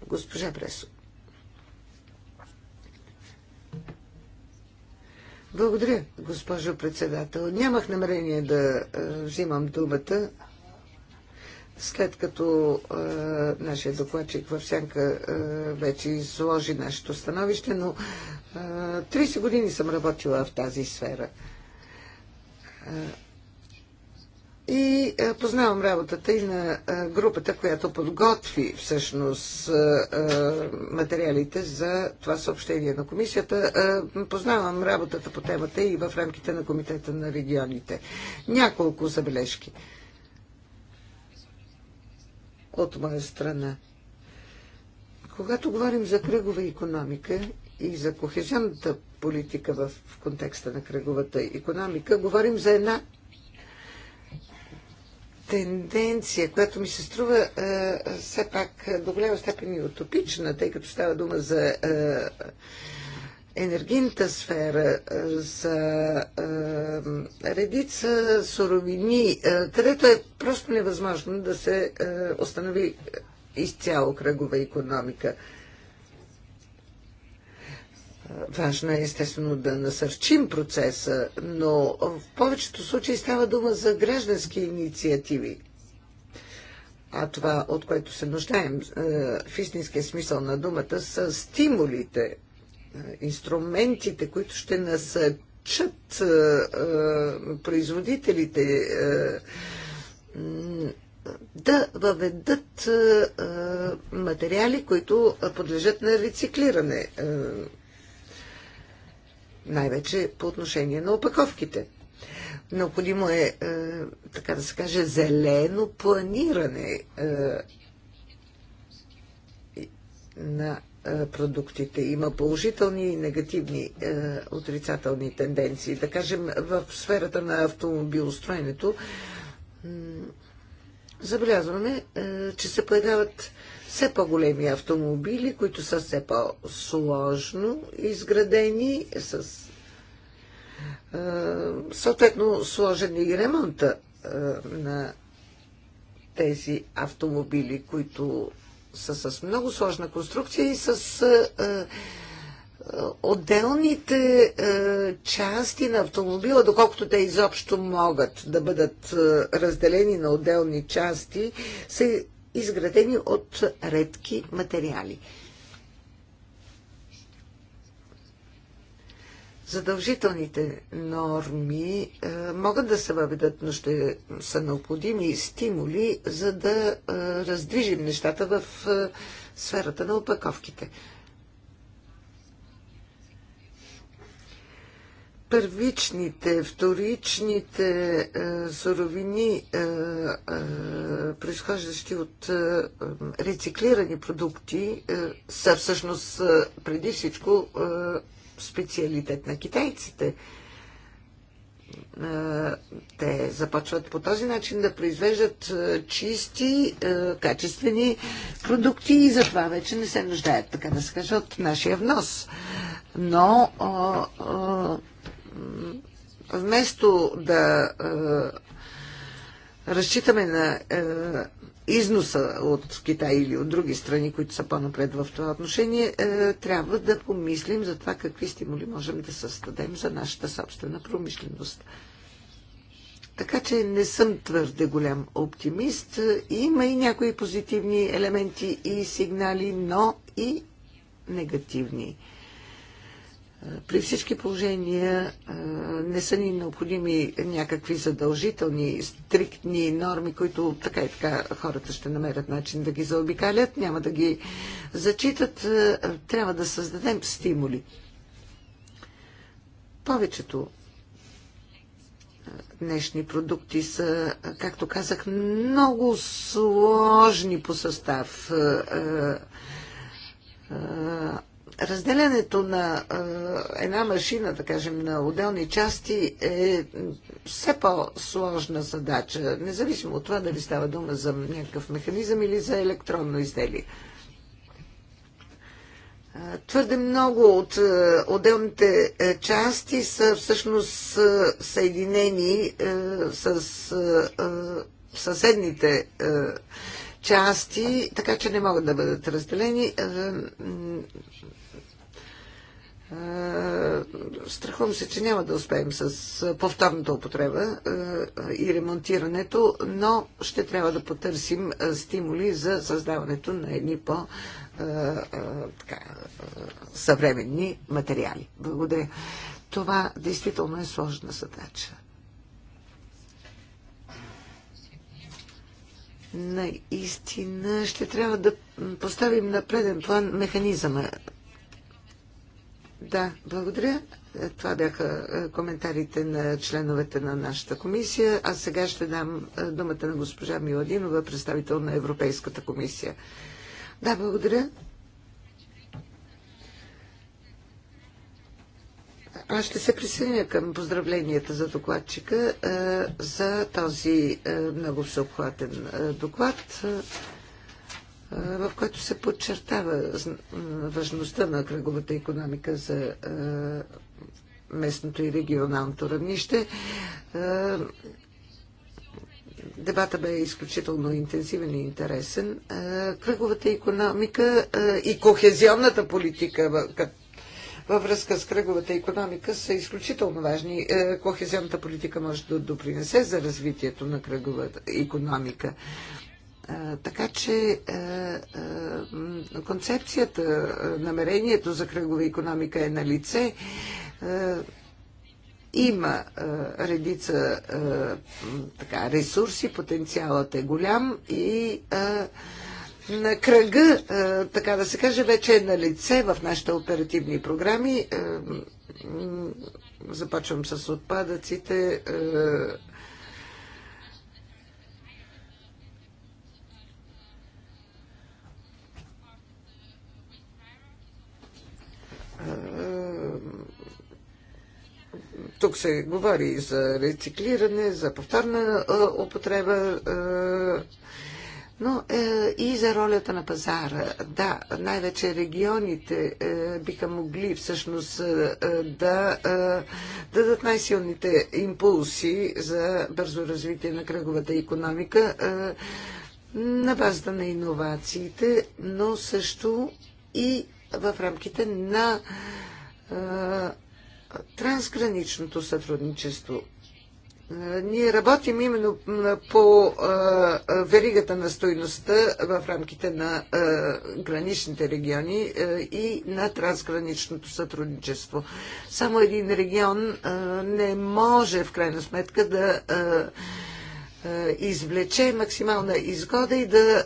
Госпожа Пресо. Благодаря, госпожо председател. Нямах намерение да е, взимам думата, след като е, нашия докладчик в Сянка е, вече изложи нашето становище, но е, 30 години съм работила в тази сфера. Е, и е, познавам работата и на е, групата, която подготви всъщност е, материалите за това съобщение на комисията. Познавам работата по темата и в рамките на Комитета на регионите. Няколко забележки от моя страна. Когато говорим за кръгова економика и за кохезионната политика в контекста на кръговата економика, говорим за една тенденция, която ми се струва е, все пак е, до голяма степен и утопична, тъй като става дума за е, енергийната сфера, е, за е, редица суровини, е, където е просто невъзможно да се е, установи изцяло кръгова економика. Е, Важно е естествено да насърчим процеса, но в повечето случаи става дума за граждански инициативи. А това, от което се нуждаем е, в истинския смисъл на думата, са стимулите, е, инструментите, които ще насърчат е, производителите да въведат материали, които подлежат на рециклиране най-вече по отношение на опаковките. Необходимо е, е така да се каже, зелено планиране е, на е, продуктите. Има положителни и негативни отрицателни тенденции. Да кажем, в сферата на автомобилостроенето забелязваме, че се появяват все по-големи автомобили, които са все по-сложно изградени, с е, съответно сложен е и ремонта е, на тези автомобили, които са с много сложна конструкция и с е, отделните е, части на автомобила, доколкото те изобщо могат да бъдат е, разделени на отделни части, се изградени от редки материали. Задължителните норми е, могат да се въведат, но ще са необходими стимули, за да е, раздвижим нещата в е, сферата на опаковките. първичните, вторичните е, суровини, е, е, произхождащи от е, е, рециклирани продукти, е, са всъщност е, преди всичко е, специалитет на китайците. Е, те започват по този начин да произвеждат е, чисти, е, качествени продукти и затова вече не се нуждаят, така да се каже, от нашия внос. Но. Е, е, вместо да е, разчитаме на е, износа от Китай или от други страни, които са по-напред в това отношение, е, трябва да помислим за това какви стимули можем да създадем за нашата собствена промишленост. Така че не съм твърде голям оптимист. Има и някои позитивни елементи и сигнали, но и негативни. При всички положения не са ни необходими някакви задължителни, стриктни норми, които така и така хората ще намерят начин да ги заобикалят, няма да ги зачитат. Трябва да създадем стимули. Повечето днешни продукти са, както казах, много сложни по състав разделянето на една машина, да кажем, на отделни части е все по-сложна задача, независимо от това дали става дума за някакъв механизъм или за електронно изделие. Твърде много от отделните части са всъщност съединени с съседните части, така че не могат да бъдат разделени. Е, страхувам се, че няма да успеем с повторната употреба е, и ремонтирането, но ще трябва да потърсим е, стимули за създаването на едни по-съвременни материали. Благодаря. Това действително е сложна задача. Наистина ще трябва да поставим на преден план механизъма да, благодаря. Това бяха е, коментарите на членовете на нашата комисия. А сега ще дам е, думата на госпожа Миладинова, представител на Европейската комисия. Да, благодаря. Аз ще се присъединя към поздравленията за докладчика е, за този много всеобхватен доклад в който се подчертава важността на кръговата економика за местното и регионалното равнище. Дебата бе изключително интензивен и интересен. Кръговата економика и кохезионната политика във връзка с кръговата економика са изключително важни. Кохезионната политика може да допринесе за развитието на кръговата економика. Така че е, е, концепцията, намерението за кръгова економика е на лице. Е, има редица така, ресурси, потенциалът е голям и на кръга, така да се каже, вече е на лице в нашите оперативни програми. Започвам с отпадъците Тук се говори и за рециклиране, за повторна употреба, но е, и за ролята на пазара. Да, най-вече регионите е, биха могли всъщност е, да дадат най-силните импулси за бързо развитие на кръговата економика на базата на иновациите, но също и в рамките на трансграничното сътрудничество. Ние работим именно по веригата на стойността в рамките на граничните региони и на трансграничното сътрудничество. Само един регион не може в крайна сметка да извлече максимална изгода и да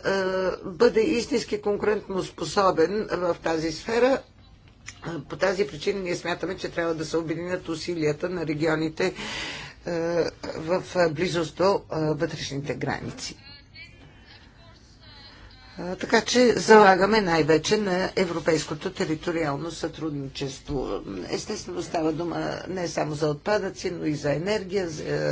бъде истински конкурентно способен в тази сфера, по тази причина ние смятаме, че трябва да се объединят усилията на регионите е, в е, близост до е, вътрешните граници. Така че залагаме най-вече на европейското териториално сътрудничество. Естествено става дума не само за отпадъци, но и за енергия, за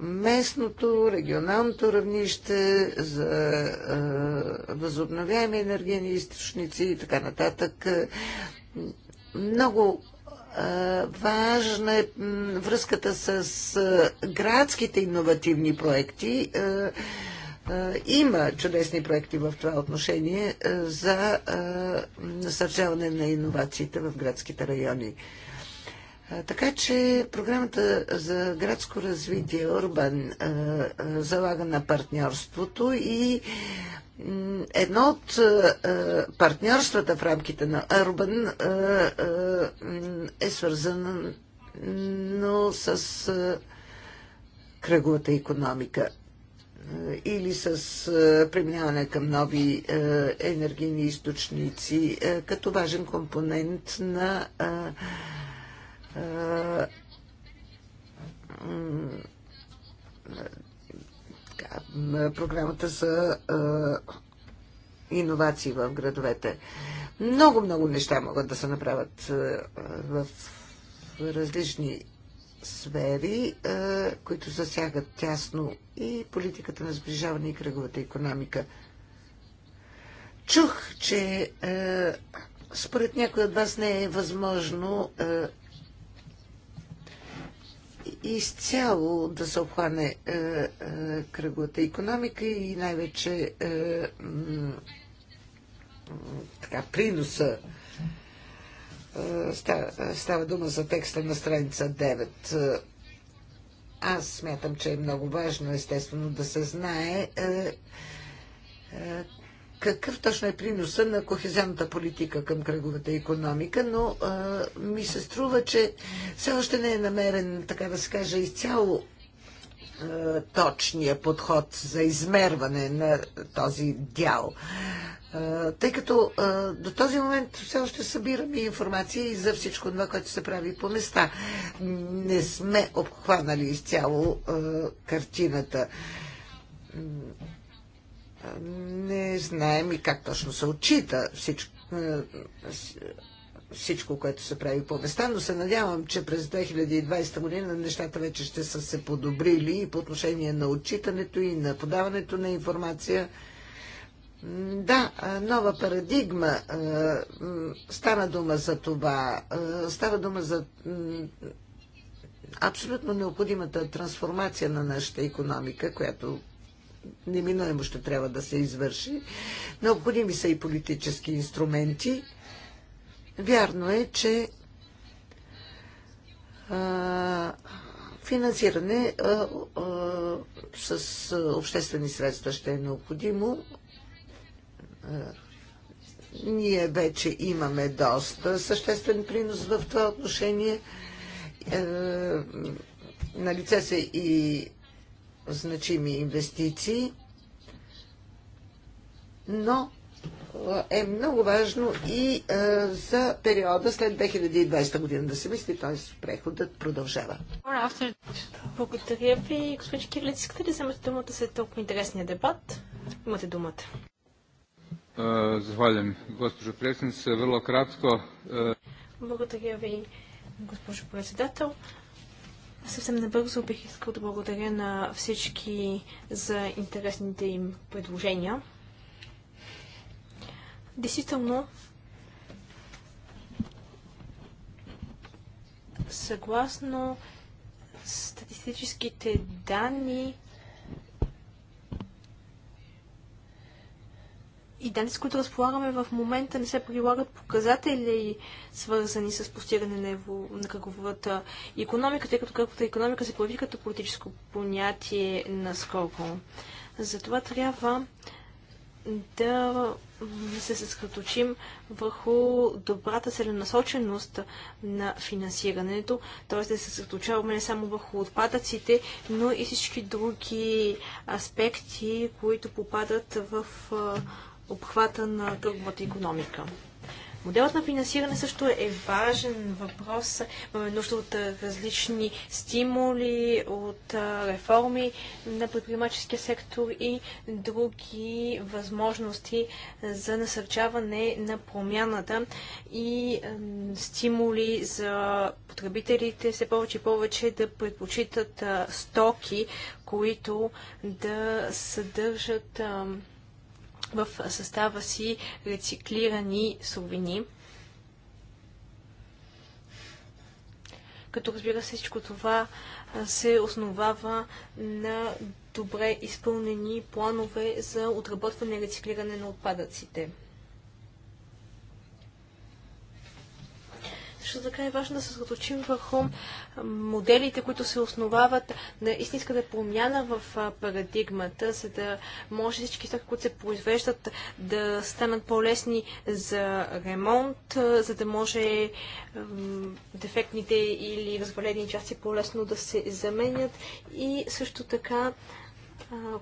местното, регионалното равнище, за а, възобновяеми енергийни източници и така нататък. Много важна е връзката с градските иновативни проекти. Има чудесни проекти в това отношение за насърчаване на иновациите в градските райони. Така че програмата за градско развитие Урбан залага на партньорството и едно от партньорствата в рамките на Урбан е свързано с кръговата економика или с преминаване към нови енергийни източници като важен компонент на е, програмата за е, иновации в градовете. Много, много неща могат да се направят е, в различни сфери, които засягат тясно и политиката на сближаване и кръговата економика. Чух, че според някой от вас не е възможно изцяло да се обхване е, е, економика и най-вече е, така, приноса. Е, става, става дума за текста на страница 9. Е, аз смятам, че е много важно, естествено, да се знае е, какъв точно е приноса на кохезионната политика към кръговата економика, но а, ми се струва, че все още не е намерен, така да се каже, изцяло а, точния подход за измерване на този дял. А, тъй като а, до този момент все още събираме информация и за всичко това, което се прави по места. Не сме обхванали изцяло а, картината не знаем и как точно се отчита всичко, е, всичко, което се прави по места, но се надявам, че през 2020 година нещата вече ще са се подобрили и по отношение на отчитането и на подаването на информация. Да, е, нова парадигма. Е, стана дума за това. Става дума за абсолютно необходимата трансформация на нашата економика, която неминуемо ще трябва да се извърши. Необходими са и политически инструменти. Вярно е, че а, финансиране а, а, с обществени средства ще е необходимо. А, ние вече имаме доста съществен принос в това отношение. А, е, на лице са и значими инвестиции, но е много важно и е, за периода след 2020 година да се мисли, т.е. преходът продължава. Благодаря ви, господин Кирлиц. Искате ли да вземете думата след толкова интересния дебат? Имате думата. Е, захвалям, госпожо председател. Върло кратко. Е, Благодаря ви, госпожо председател. Съвсем набързо бих искал да благодаря на всички за интересните им предложения. Действително, съгласно статистическите данни, и данни, с които разполагаме в момента, не се прилагат показатели, свързани с постигане на, его, на кръговата економика, тъй като каквата економика се появи като политическо понятие наскоро. Затова трябва да се съсредоточим върху добрата целенасоченост на финансирането, т.е. да се съсредоточаваме не само върху отпадъците, но и всички други аспекти, които попадат в обхвата на кръговата економика. Моделът на финансиране също е важен въпрос. Имаме нужда от различни стимули, от реформи на предприемаческия сектор и други възможности за насърчаване на промяната и стимули за потребителите все повече и повече да предпочитат стоки, които да съдържат в състава си рециклирани сувени. Като разбира се, всичко това се основава на добре изпълнени планове за отработване и рециклиране на отпадъците. Също така е важно да се съсредоточим върху моделите, които се основават на истинската промяна в парадигмата, за да може всички стоки, които се произвеждат, да станат по-лесни за ремонт, за да може дефектните или развалени части по-лесно да се заменят и също така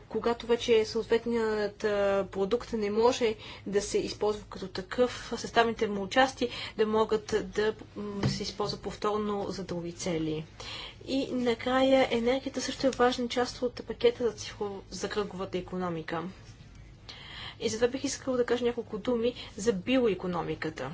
когато вече съответният продукт не може да се използва като такъв, съставните му части да могат да се използват повторно за други цели. И накрая енергията също е важна част от пакета за, цифров... за кръговата економика. И затова бих искал да кажа няколко думи за биоекономиката.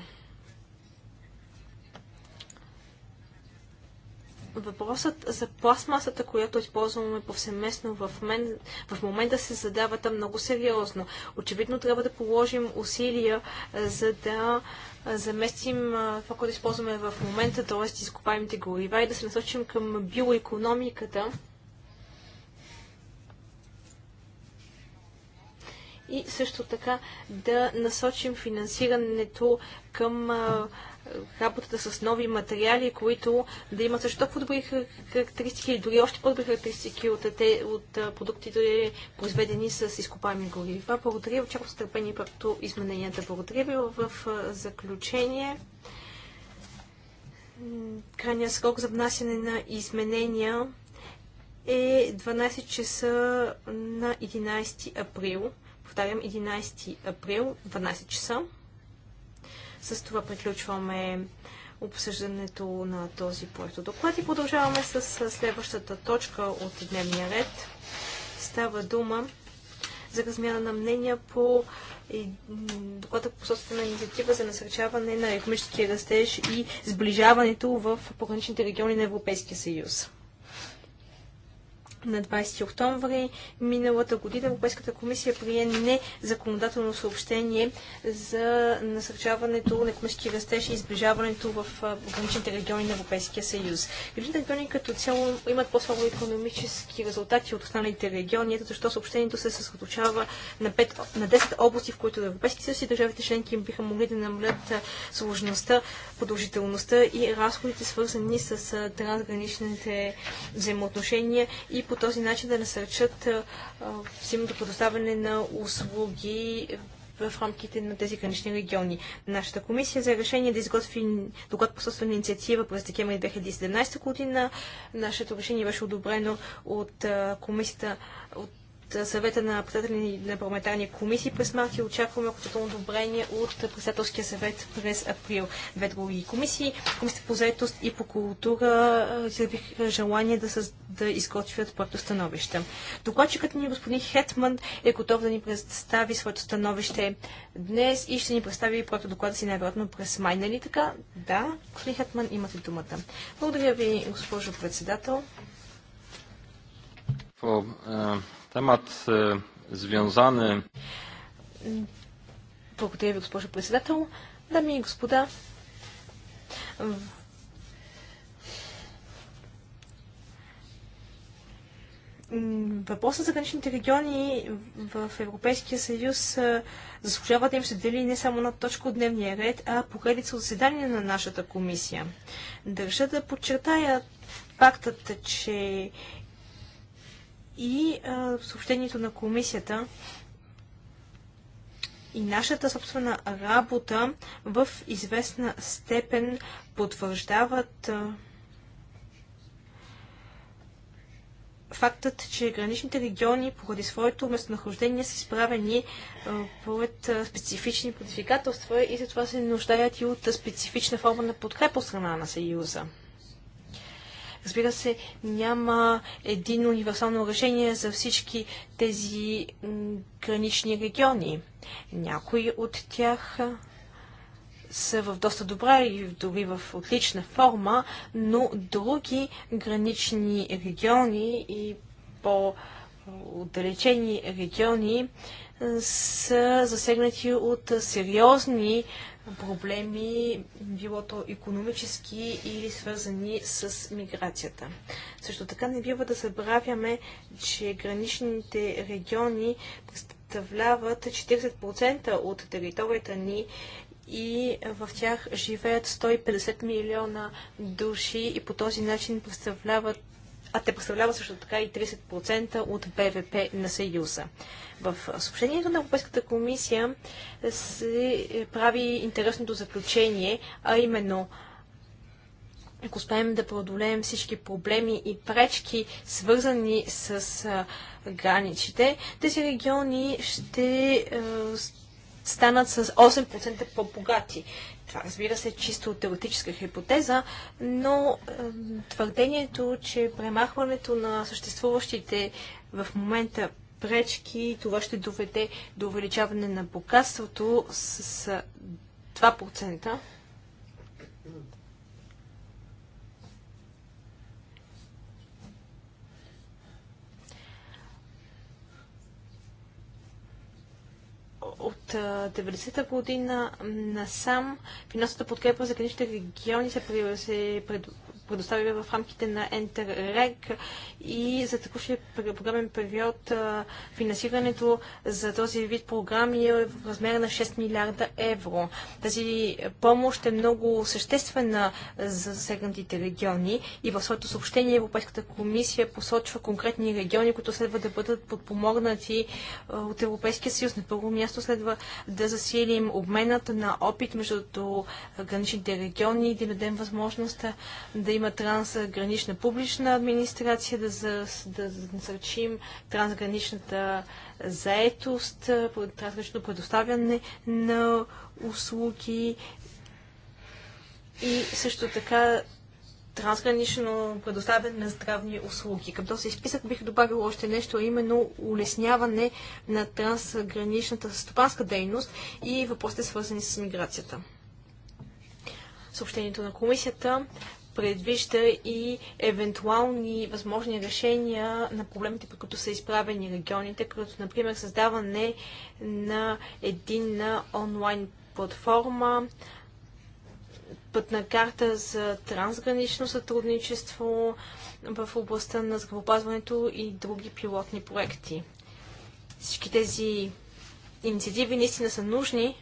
Въпросът за пластмасата, която използваме повсеместно в, мен, в момента се там много сериозно. Очевидно трябва да положим усилия, за да заместим това, което използваме в момента, т.е. изкопаемите горива и да се насочим към биоекономиката. И също така да насочим финансирането към работата с нови материали, които да имат също по-добри характеристики и дори още по-добри характеристики от, те, от продуктите, произведени с изкопаеми горива. Благодаря, очаквам с търпение пъкто измененията. Благодаря ви в заключение. Крайният срок за внасяне на изменения е 12 часа на 11 април. Повтарям, 11 април, 12 часа. С това приключваме обсъждането на този проекто доклад и продължаваме с следващата точка от дневния ред. Става дума за размяна на мнения по доклада по собствена инициатива за насърчаване на економически растеж и сближаването в пограничните региони на Европейския съюз на 20 октомври миналата година Европейската комисия прие не законодателно съобщение за насърчаването на економически растеж и избежаването в граничните региони на Европейския съюз. Граничните региони като цяло имат по-слабо економически резултати от останалите региони, ето защо съобщението се съсредоточава на, 5, на 10 области, в които Европейски съюз и държавите членки им биха могли да намалят сложността, продължителността и разходите, свързани с трансграничните взаимоотношения и по този начин да насърчат взаимното предоставяне на услуги в рамките на тези гранични региони. Нашата комисия за решение да изготви доклад по собствена инициатива през декември 2017 година. Нашето решение беше одобрено от комисията, от съвета на председателни на парламентарни комисии през март и очакваме окончателно одобрение от председателския съвет през април. Две други комисии, комисията по заетост и по култура, изявих желание да, съз... да изготвят първото становище. Докладчикът ни господин Хетман е готов да ни представи своето становище днес и ще ни представи проекто доклада си най-вероятно през май. Нали така? Да, господин Хетман, имате думата. Благодаря ви, госпожо председател. For, uh... Temat związany. Е, Благодаря ви, госпожо председател. Дами и господа, въпросът за граничните региони в Европейския съюз е, заслужава да им се дели не само на точка от дневния ред, а поредица от заседания на нашата комисия. Държа да подчертая фактът, че и а, съобщението на комисията и нашата собствена работа в известна степен потвърждават а, фактът, че граничните региони поради своето местонахождение са изправени поред специфични предизвикателства и затова се нуждаят и от специфична форма на подкрепа от страна на Съюза. Разбира се, няма един универсално решение за всички тези гранични региони. Някои от тях са в доста добра и дори в отлична форма, но други гранични региони и по-отдалечени региони са засегнати от сериозни проблеми, било то економически или свързани с миграцията. Също така не бива да забравяме, че граничните региони представляват 40% от територията ни и в тях живеят 150 милиона души и по този начин представляват а те представляват също така и 30% от БВП на Съюза. В съобщението на Европейската комисия се прави интересното заключение, а именно ако успеем да преодолеем всички проблеми и пречки, свързани с а, границите, тези региони ще а, станат с 8% по-богати. Това разбира се е чисто теоретическа хипотеза, но твърдението, че премахването на съществуващите в момента пречки, това ще доведе до увеличаване на богатството с 2%, От 90-та година насам финансовата подкрепа за граничните региони се, се пред предоставяме в рамките на Ентеррек и за текущия програмен период финансирането за този вид програми е в размер на 6 милиарда евро. Тази помощ е много съществена за засегнатите региони и в своето съобщение Европейската комисия посочва конкретни региони, които следва да бъдат подпомогнати от Европейския съюз. На първо място следва да засилим обменът на опит между граничните региони и да дадем възможност да има има трансгранична публична администрация, да, за, да насърчим трансграничната заетост, трансгранично предоставяне на услуги и също така трансгранично предоставяне на здравни услуги. Към този списък бих добавила още нещо, а именно улесняване на трансграничната стопанска дейност и въпросите свързани с миграцията. Съобщението на комисията предвижда и евентуални възможни решения на проблемите, по които са изправени регионите, като например създаване на един онлайн платформа, пътна карта за трансгранично сътрудничество в областта на здравеопазването и други пилотни проекти. Всички тези инициативи наистина са нужни,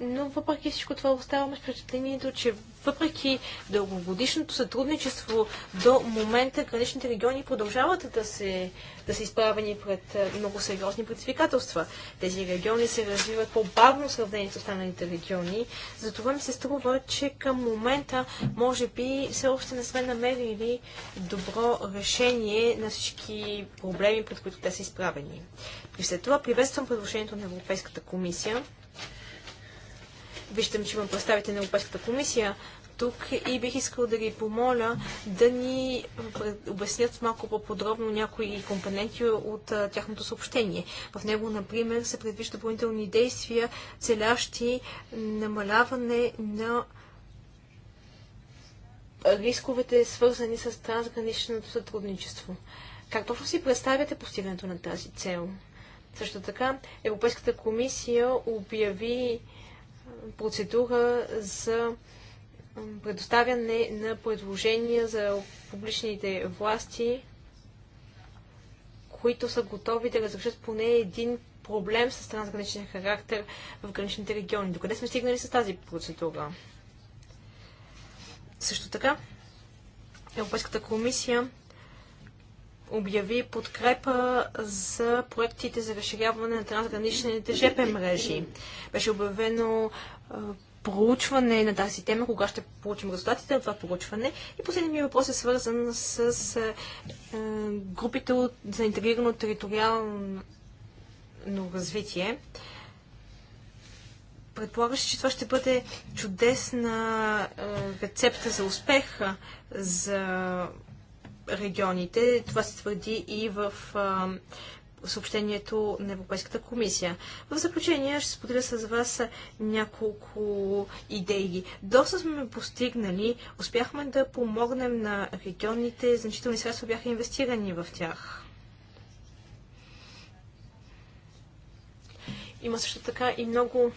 но въпреки всичко това оставаме впечатлението, че въпреки дългогодишното сътрудничество до момента, граничните региони продължават да се, да са изправени пред много сериозни предизвикателства. Тези региони се развиват по-бавно в сравнение с останалите региони. Затова ми се струва, че към момента, може би, все още не сме намерили добро решение на всички проблеми, пред които те са изправени. И след това приветствам предложението на Европейската комисия Виждам, че имам представите на Европейската комисия тук и бих искал да ги помоля да ни обяснят малко по-подробно някои компоненти от тяхното съобщение. В него, например, се предвижда допълнителни действия, целящи намаляване на рисковете, свързани с трансграничното сътрудничество. Как точно си представяте постигането на тази цел? Също така, Европейската комисия обяви процедура за предоставяне на предложения за публичните власти, които са готови да разрешат поне един проблем с трансграничен характер в граничните региони. Докъде сме стигнали с тази процедура? Също така, Европейската комисия обяви подкрепа за проектите за разширяване на трансграничните ЖП мрежи. Беше обявено проучване на тази тема, кога ще получим резултатите от това проучване. И последният ми въпрос е свързан с, е, групите от, за интегрирано териториално развитие. Предполагаш, че това ще бъде чудесна е, рецепта за успеха за регионите. Това се твърди и в а, съобщението на Европейската комисия. В заключение ще споделя с вас няколко идеи. Доста сме постигнали, успяхме да помогнем на регионите, значителни средства бяха инвестирани в тях. Има също така и много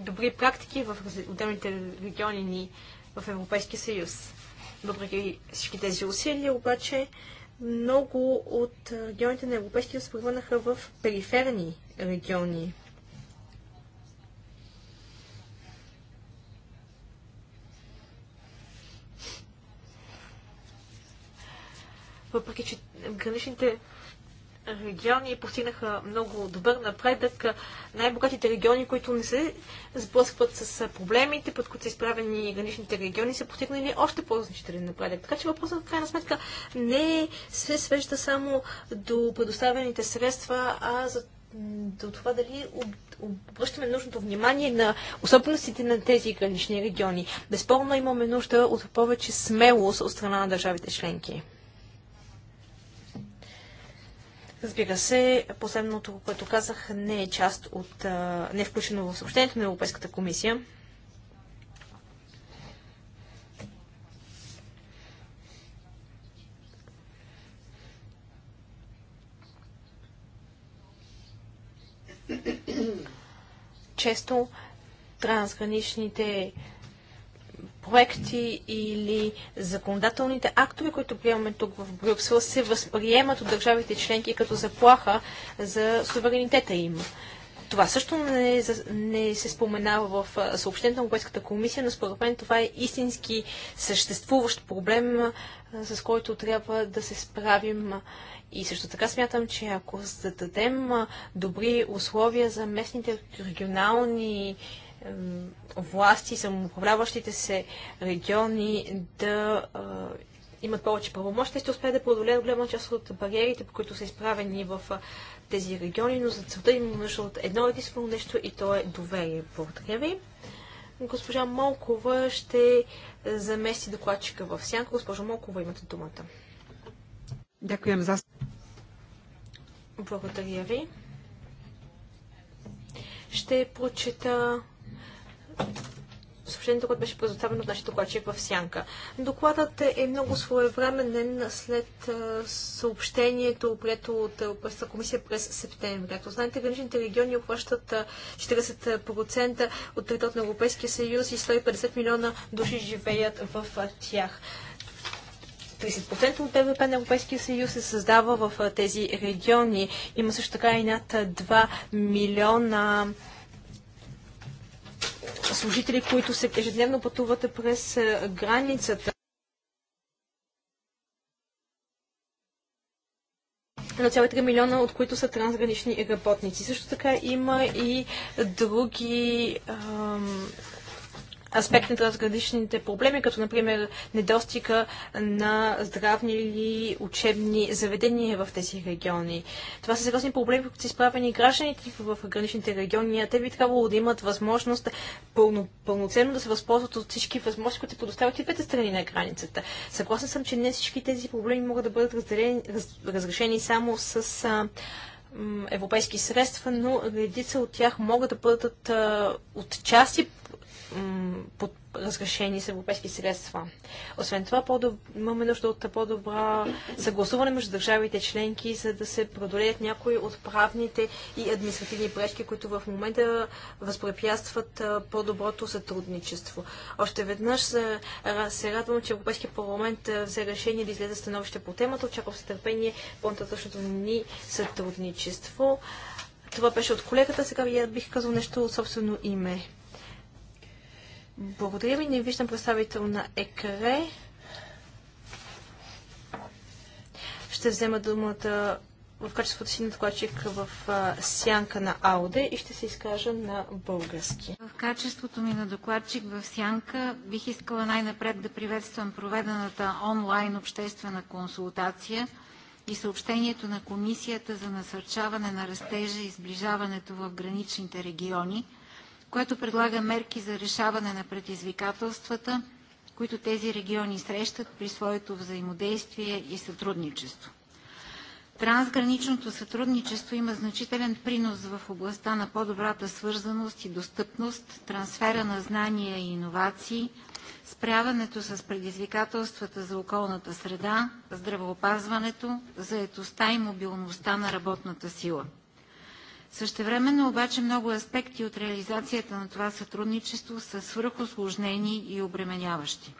добри практики в отделните региони ни в Европейския съюз въпреки всички тези усилия, обаче много от регионите на Европейския се превърнаха в периферни региони. Въпреки, че граничните региони постигнаха много добър напредък. Най-богатите региони, които не се сблъскват с проблемите, под които са изправени граничните региони, са постигнали още по-значителен напредък. Така че въпросът в крайна сметка не се свежда само до предоставените средства, а за до това дали обръщаме нужното внимание на особеностите на тези гранични региони. Безспорно имаме нужда от повече смелост от страна на държавите членки. Разбира се, последното, което казах, не е част от, не е включено в съобщението на Европейската комисия. Често трансграничните проекти или законодателните актове, които приемаме тук в Брюксел, се възприемат от държавите членки като заплаха за суверенитета им. Това също не, не се споменава в съобщението на Европейската комисия, но според мен това е истински съществуващ проблем, с който трябва да се справим. И също така смятам, че ако зададем добри условия за местните регионални власти, самоуправляващите се региони да имат повече правомощи, ще успеят да преодолеят голяма част от бариерите, по които са изправени в тези региони, но за целта им нужда от едно единствено нещо и то е доверие. Благодаря ви. Госпожа Молкова ще замести докладчика в сянка. Госпожа Молкова, имате думата. Дякуем за... Благодаря ви. Ще прочета съобщението, което беше предоставено от нашите докладчик в Сянка. Докладът е много своевременен след съобщението, прието от Европейската комисия през септември. Както знаете, граничните региони обхващат 40% от територията на Европейския съюз и 150 милиона души живеят в тях. 30% от ДВП на Европейския съюз се създава в тези региони. Има също така и над 2 милиона служители, които се ежедневно пътуват през е, границата. на цяло 3 милиона, от които са трансгранични работници. Също така има и други ам, аспект на трансграничните проблеми, като например недостига на здравни или учебни заведения в тези региони. Това са сериозни проблеми, които са изправени гражданите в граничните региони, а те би трябвало да имат възможност пълно, пълноценно да се възползват от всички възможности, които предоставят и двете страни на границата. Съгласен съм, че не всички тези проблеми могат да бъдат разделени, раз, разрешени само с а, европейски средства, но редица от тях могат да бъдат а, отчасти под разрешени с европейски средства. Освен това, имаме нужда от по-добра съгласуване между държавите членки, за да се продолеят някои от правните и административни пречки, които в момента възпрепятстват по-доброто сътрудничество. Още веднъж се радвам, че Европейския парламент взе решение да излезе становище по темата. Очаквам с търпение по-нататъчното ни сътрудничество. Това беше от колегата, сега я бих казал нещо от собствено име. Благодаря ви. Не виждам представител на ЕКРЕ. Ще взема думата в качеството си на докладчик в сянка на Ауде и ще се изкажа на български. В качеството ми на докладчик в сянка бих искала най-напред да приветствам проведената онлайн обществена консултация и съобщението на Комисията за насърчаване на растежа и сближаването в граничните региони – което предлага мерки за решаване на предизвикателствата, които тези региони срещат при своето взаимодействие и сътрудничество. Трансграничното сътрудничество има значителен принос в областта на по-добрата свързаност и достъпност, трансфера на знания и иновации, справянето с предизвикателствата за околната среда, здравеопазването, заетостта и мобилността на работната сила – Същевременно обаче много аспекти от реализацията на това сътрудничество са свръхосложнени и обременяващи.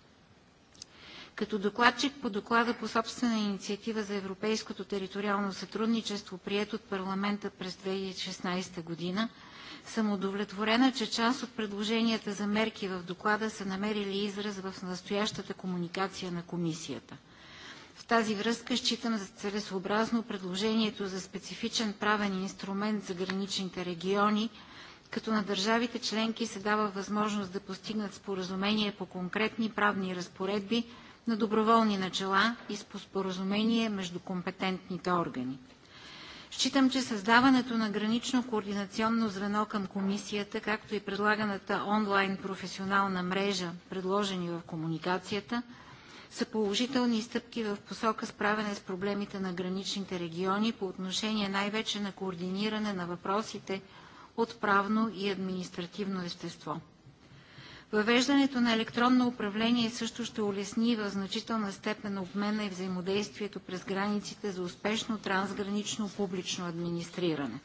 Като докладчик по доклада по собствена инициатива за европейското териториално сътрудничество, прият от парламента през 2016 година, съм удовлетворена, че част от предложенията за мерки в доклада са намерили израз в настоящата комуникация на комисията – в тази връзка считам за целесообразно предложението за специфичен правен инструмент за граничните региони, като на държавите членки се дава възможност да постигнат споразумение по конкретни правни разпоредби на доброволни начала и по споразумение между компетентните органи. Считам, че създаването на гранично координационно звено към комисията, както и предлаганата онлайн професионална мрежа, предложени в комуникацията – са положителни стъпки в посока справяне с проблемите на граничните региони по отношение най-вече на координиране на въпросите от правно и административно естество. Въвеждането на електронно управление също ще улесни в значителна степен обмена и взаимодействието през границите за успешно трансгранично публично администриране.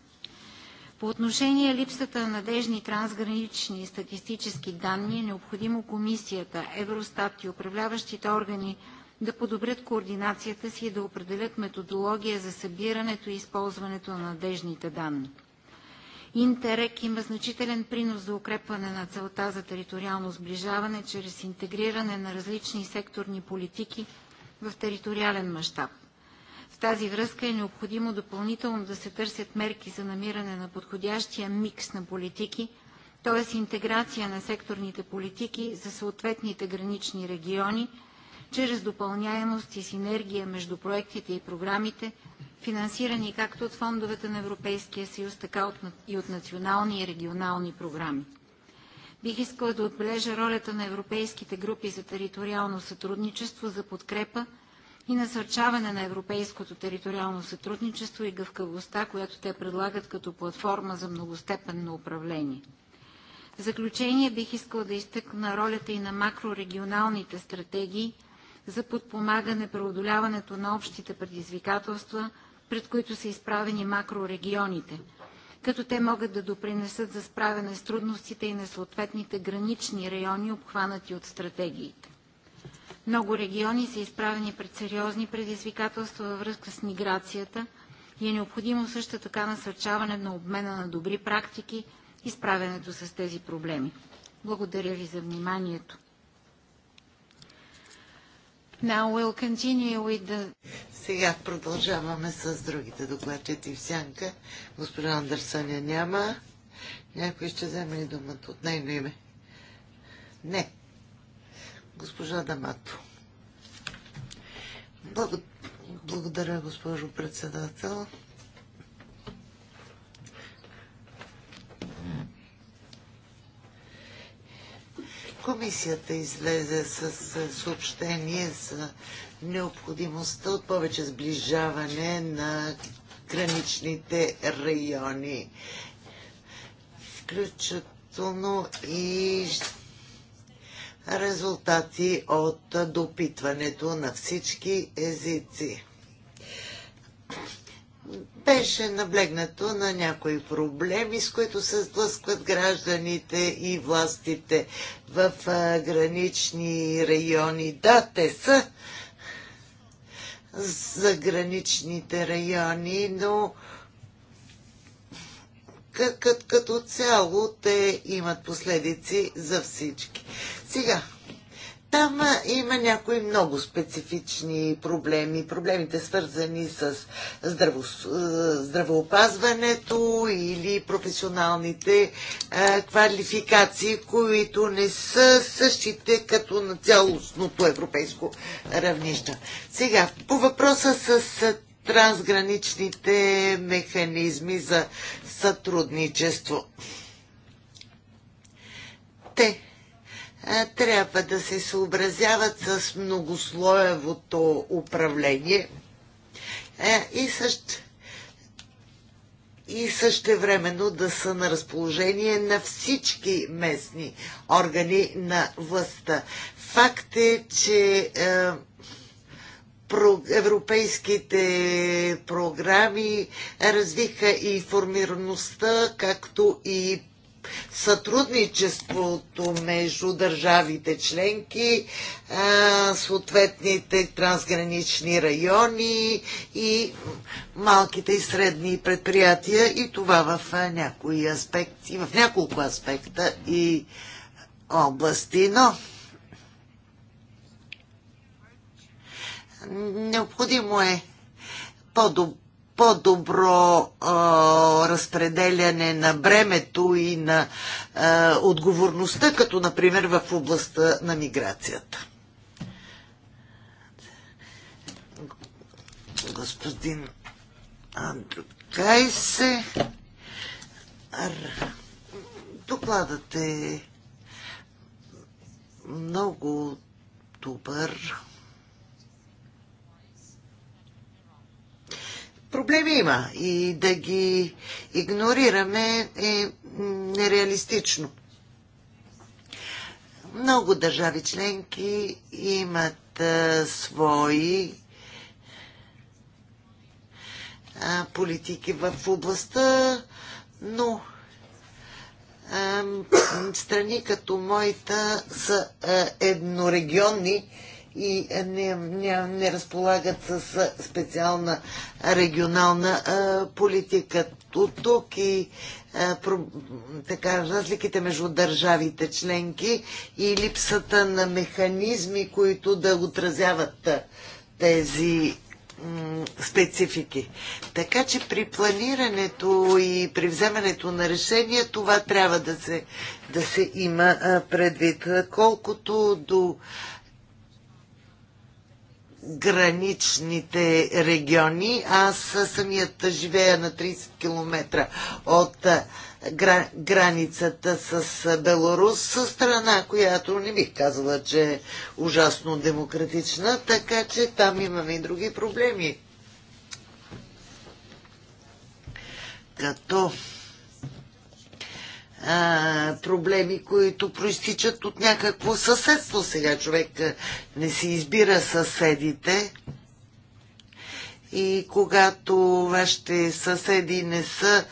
По отношение липсата на надежни трансгранични статистически данни е необходимо комисията, Евростат и управляващите органи да подобрят координацията си и да определят методология за събирането и използването на надежните данни. Интерек има значителен принос за укрепване на целта за териториално сближаване чрез интегриране на различни секторни политики в териториален мащаб – в тази връзка е необходимо допълнително да се търсят мерки за намиране на подходящия микс на политики, т.е. интеграция на секторните политики за съответните гранични региони, чрез допълняемост и синергия между проектите и програмите, финансирани както от фондовете на Европейския съюз, така и от национални и регионални програми. Бих искала да отбележа ролята на европейските групи за териториално сътрудничество за подкрепа и насърчаване на европейското териториално сътрудничество и гъвкавостта, която те предлагат като платформа за многостепенно управление. В заключение бих искал да изтъкна ролята и на макрорегионалните стратегии за подпомагане преодоляването на общите предизвикателства, пред които са изправени макрорегионите, като те могат да допринесат за справяне с трудностите и на съответните гранични райони, обхванати от стратегиите. Много региони са изправени пред сериозни предизвикателства във връзка с миграцията и е необходимо също така насърчаване на обмена на добри практики и справянето с тези проблеми. Благодаря ви за вниманието. Now we'll continue with the... Сега продължаваме с другите и в сянка. Госпожа Андерсъня няма. Някой ще вземе ли думата от нейно име? Не. Госпожа Дамато. Благодаря, госпожо председател. Комисията излезе с съобщение за необходимостта от повече сближаване на граничните райони. Включително и ще резултати от допитването на всички езици. Беше наблегнато на някои проблеми, с които се сблъскват гражданите и властите в гранични райони. Да, те са за граничните райони, но като, като цяло те имат последици за всички. Сега, там има някои много специфични проблеми. Проблемите свързани с здраво, здравеопазването или професионалните а, квалификации, които не са същите като на цялостното европейско равнище. Сега, по въпроса с трансграничните механизми за сътрудничество. Те трябва да се съобразяват с многослоевото управление и също и времено да са на разположение на всички местни органи на властта. Факт е, че е, европейските програми развиха и формираността, както и сътрудничеството между държавите членки, съответните трансгранични райони и малките и средни предприятия и това в някои аспекти, в няколко аспекта и области. Но Необходимо е по-добро по разпределяне на бремето и на а, отговорността, като например в областта на миграцията. Господин Андрю Кайсе. Докладът е много добър. проблеми има и да ги игнорираме е нереалистично. Много държави членки имат а, свои а, политики в областта, но а, страни като моята са а, еднорегионни и не, не, не разполагат с специална регионална а, политика. От тук и а, про, така, разликите между държавите членки и липсата на механизми, които да отразяват а, тези специфики. Така че при планирането и при вземането на решение това трябва да се, да се има предвид. Колкото до граничните региони. Аз самият живея на 30 км от границата с Беларус, страна, която не бих казала, че е ужасно демократична, така че там имаме и други проблеми. Като а, проблеми, които проистичат от някакво съседство. Сега човек не си избира съседите. И когато вашите съседи не са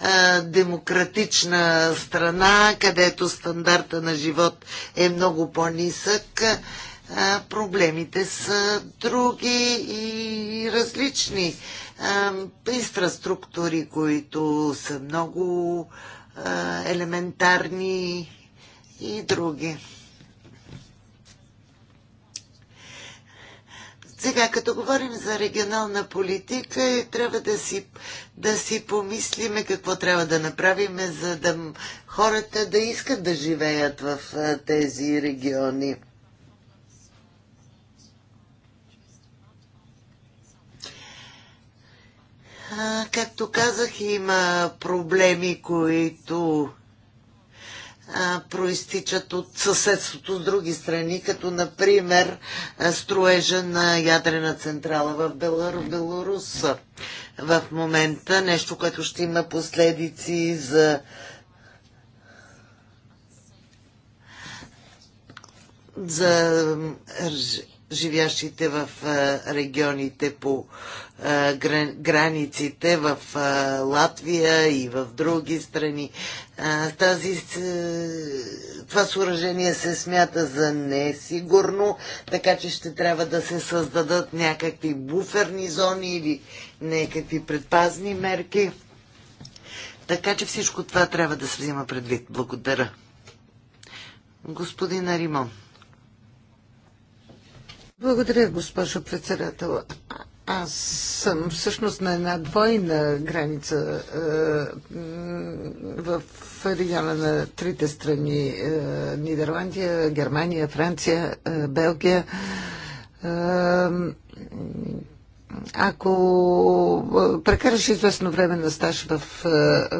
а, демократична страна, където стандарта на живот е много по-нисък, проблемите са други и различни. А, инфраструктури, които са много елементарни и други. Сега, като говорим за регионална политика, е, трябва да си, да си помислиме какво трябва да направим, за да хората да искат да живеят в тези региони. А, както казах, има проблеми, които проистичат от съседството с други страни, като например строежа на ядрена централа в Белару, Белорус. в момента, нещо, което ще има последици за за живящите в регионите по границите в Латвия и в други страни. Тази, това съоръжение се смята за несигурно, така че ще трябва да се създадат някакви буферни зони или някакви предпазни мерки. Така че всичко това трябва да се взима предвид. Благодаря. Господин Аримон. Благодаря, госпожо председател. Аз съм всъщност на една двойна граница е, в региона на трите страни е, Нидерландия, Германия, Франция, е, Белгия. Е, ако прекараш известно време на стаж в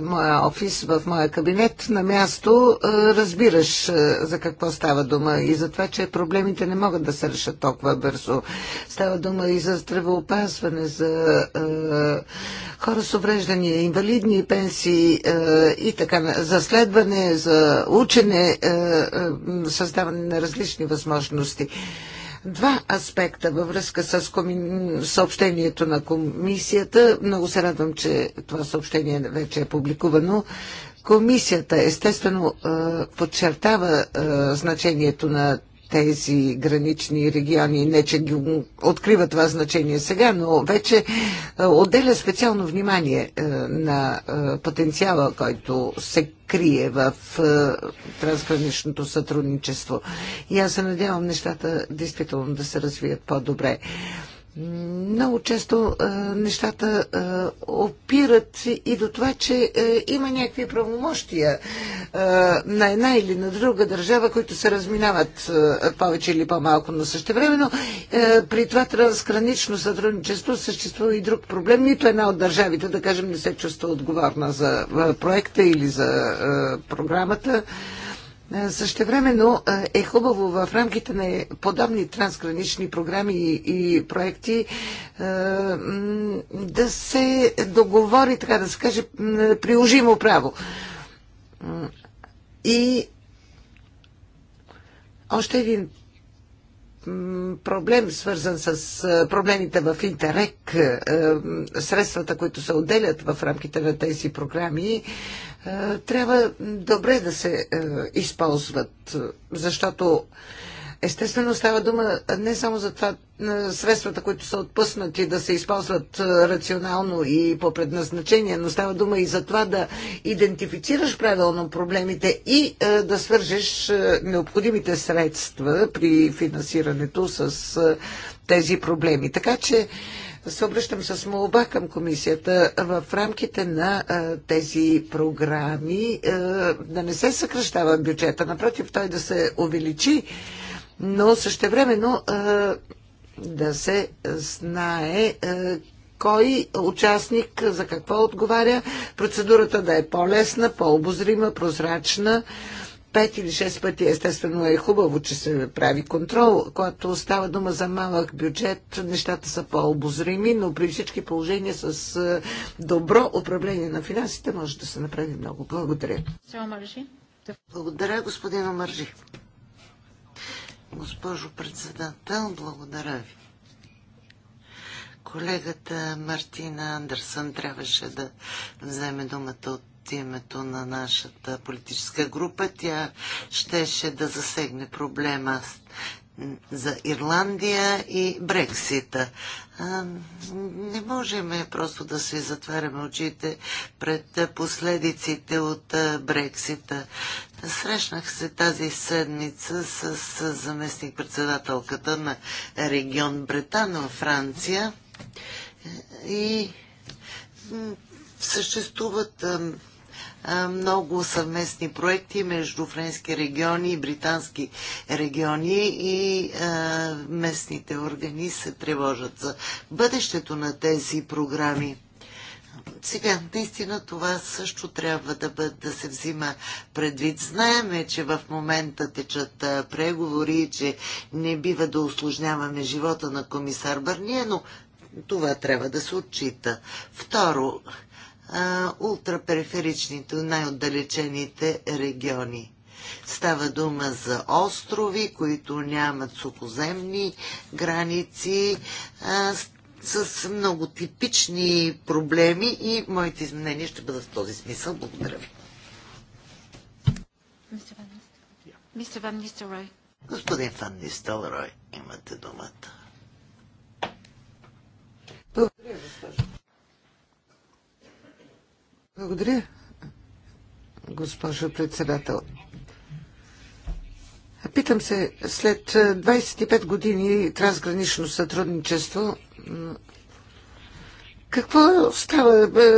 моя офис, в моя кабинет, на място разбираш за какво става дума и за това, че проблемите не могат да се решат толкова бързо. Става дума и за здравеопазване, за хора с увреждания, инвалидни пенсии и така, за следване, за учене, създаване на различни възможности два аспекта във връзка с коми... съобщението на комисията. Много се радвам, че това съобщение вече е публикувано. Комисията естествено е, подчертава е, значението на тези гранични региони. Не, че ги открива това значение сега, но вече е, отделя специално внимание е, на е, потенциала, който се крие в трансграничното сътрудничество. И аз се надявам нещата действително да се развият по-добре. Много често а, е, нещата а, е, опират и до това, че а, е, има някакви правомощия а, на една или на друга държава, които се разминават а, повече или по-малко, но същевременно а, при това трансгранично сътрудничество съществува и друг проблем. Нито една от държавите, да кажем, не се чувства отговорна за а, проекта или за а, програмата. А, е, същевременно е, е хубаво в рамките на подобни трансгранични програми и проекти е, да се договори, така да се каже, приложимо право. И още един проблем, свързан с проблемите в Интерек, средствата, които се отделят в рамките на тези програми, е, трябва добре да се е, използват, е, защото Естествено става дума не само за това средствата, които са отпуснати да се използват рационално и по предназначение, но става дума и за това да идентифицираш правилно проблемите и да свържеш необходимите средства при финансирането с тези проблеми. Така че се обръщам с молба към комисията в рамките на тези програми да не се съкръщава бюджета, напротив, той да се увеличи, но същевременно да се знае кой участник за какво отговаря, процедурата да е по-лесна, по-обозрима, прозрачна пет или шест пъти. Естествено е хубаво, че се прави контрол. Когато става дума за малък бюджет, нещата са по-обозрими, но при всички положения с е, добро управление на финансите може да се направи много. Благодаря. Благодаря, господин Омържи. Госпожо председател, благодаря ви. Колегата Мартина Андерсън трябваше да вземе думата от от името на нашата политическа група. Тя щеше да засегне проблема за Ирландия и Брексита. А, не можем просто да си затваряме очите пред последиците от Брексита. Срещнах се тази седмица с, с заместник-председателката на регион Бретан във Франция и съществуват много съвместни проекти между френски региони и британски региони и местните органи се тревожат за бъдещето на тези програми. Сега, наистина това също трябва да, бъд, да се взима предвид. Знаеме, че в момента течат преговори и че не бива да осложняваме живота на комисар Барния, но това трябва да се отчита. Второ, ултрапериферичните, най-отдалечените региони. Става дума за острови, които нямат сухоземни граници, а, с, много типични проблеми и моите изменения ще бъдат в този смисъл. Благодаря ви. Мистер Ван Нистелрой. Господин Ван имате думата. Благодаря, госпожо. Благодаря, госпожо председател. Питам се, след 25 години трансгранично сътрудничество, какво става? Е,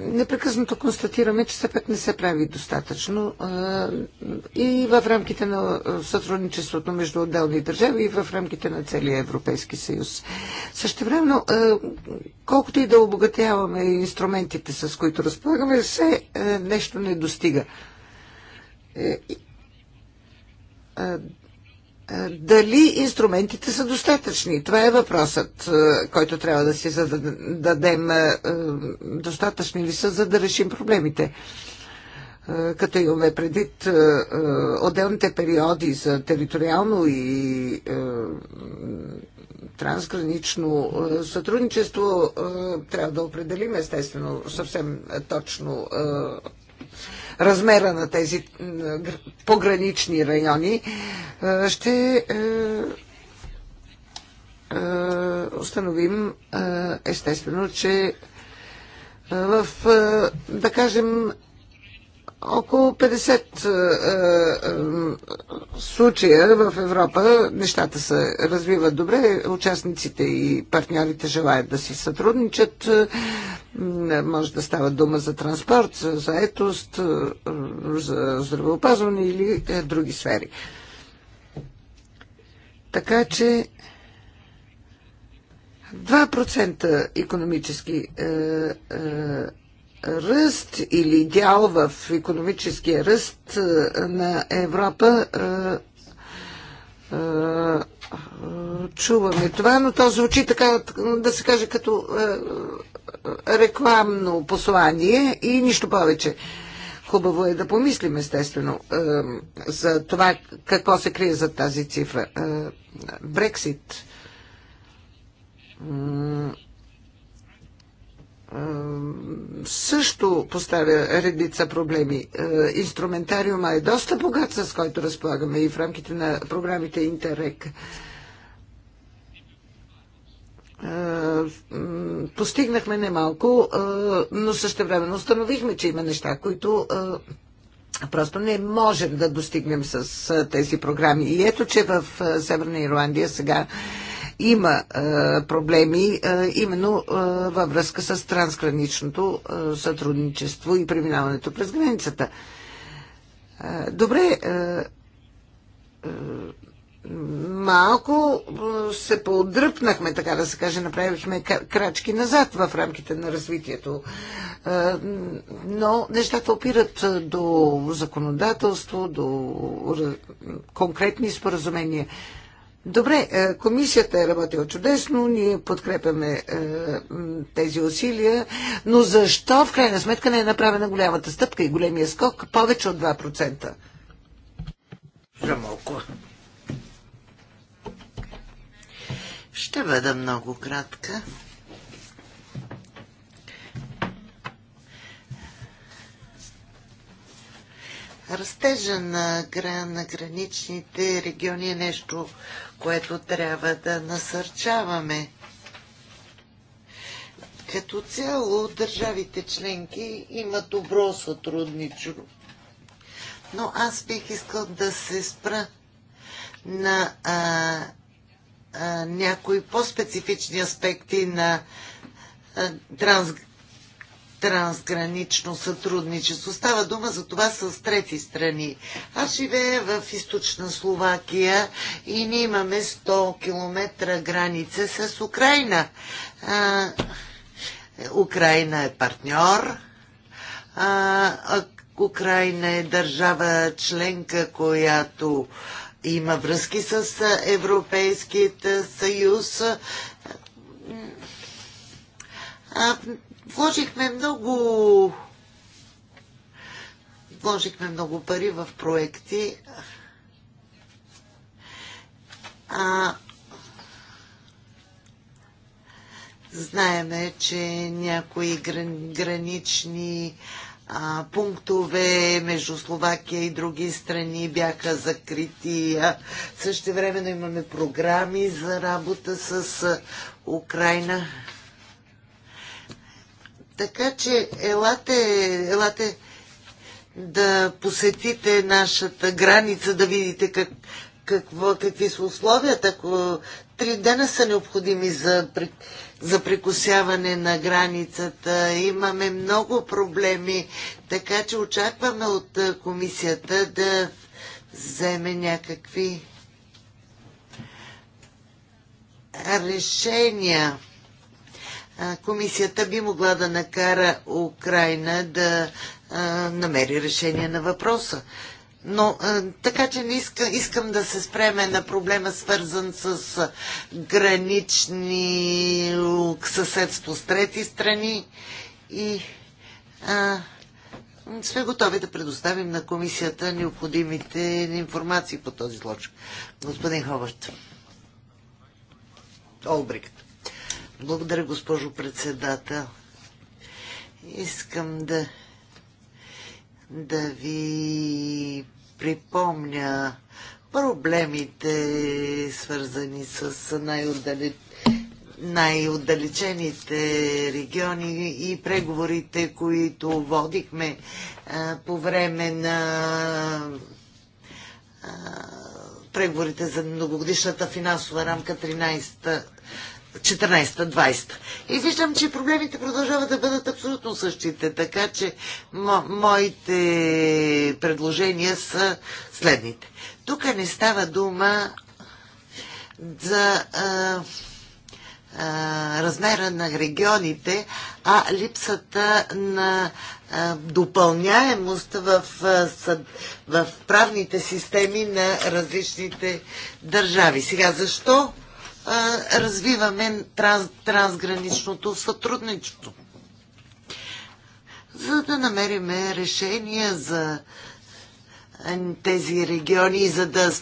непрекъснато констатираме, че все пак не се прави достатъчно е, и в рамките на сътрудничеството между отделни държави и в рамките на целия Европейски съюз. Същевременно, е, колкото и да обогатяваме инструментите, с които разполагаме, все нещо не достига е, дали инструментите са достатъчни? Това е въпросът, е, който трябва да си зададем. Е, достатъчни ли са, за да решим проблемите? Като имаме предвид отделните периоди за териториално и трансгранично сътрудничество, трябва да определим естествено съвсем точно размера на тези погранични райони, е, ще е, е, установим естествено, че в, да кажем, около 50 е, е, случая в Европа нещата се развиват добре, участниците и партньорите желаят да си сътрудничат. Е, може да става дума за транспорт, за заетост, за здравеопазване или други сфери. Така че 2% економически е, е, ръст или дял в економическия ръст е, на Европа е, е, чуваме това, но то звучи така, да се каже, като рекламно послание и нищо повече. Хубаво е да помислим, естествено, за това какво се крие за тази цифра. Брексит също поставя редица проблеми. Инструментариума е доста богат, с който разполагаме и в рамките на програмите Интерек. Постигнахме немалко, но същевременно установихме, че има неща, които просто не можем да достигнем с тези програми. И ето, че в Северна Ирландия сега има е, проблеми е, именно е, във връзка с трансграничното сътрудничество и преминаването през границата. Добре, малко се поддръпнахме, така да се каже, направихме крачки назад в рамките на развитието. Но нещата опират до законодателство, до конкретни споразумения. Добре, е, комисията е работила чудесно, ние подкрепяме е, тези усилия, но защо в крайна сметка не е направена голямата стъпка и големия скок повече от 2%? малко. Ще бъда много кратка. Растежа на, на граничните региони е нещо, което трябва да насърчаваме. Като цяло държавите членки имат добро сътрудничество. Но аз бих искал да се спра на а, а, някои по-специфични аспекти на а, транс, трансгранично сътрудничество. Става дума за това с трети страни. Аз живея в източна Словакия и ние имаме 100 км граница с Украина. А, Украина е партньор. А, Украина е държава членка, която има връзки с Европейският съюз. А, Вложихме много вложихме много пари в проекти. А, знаеме, че някои гранични а, пунктове между Словакия и други страни бяха закрити. Също времено имаме програми за работа с Украина. Така че елате, елате да посетите нашата граница, да видите как, какво, какви са условията. Ако три дена са необходими за, за прекусяване на границата, имаме много проблеми, така че очакваме от комисията да вземе някакви решения комисията би могла да накара Украина да намери решение на въпроса. Но така че не иска, искам да се спреме на проблема, свързан с гранични съседство с трети страни и а, сме готови да предоставим на комисията необходимите информации по този случай. Господин Ховърт. Олбрикт. Благодаря, госпожо председател. Искам да, да ви припомня проблемите, свързани с най-отдалечените най региони и преговорите, които водихме а, по време на а, преговорите за многогодишната финансова рамка 13 14-20. И виждам, че проблемите продължават да бъдат абсолютно същите, така че мо, моите предложения са следните. Тук не става дума за а, а, размера на регионите, а липсата на а, допълняемост в, а, съд, в правните системи на различните държави. Сега, защо развиваме транс, трансграничното сътрудничество. За да намериме решения за тези региони, за да,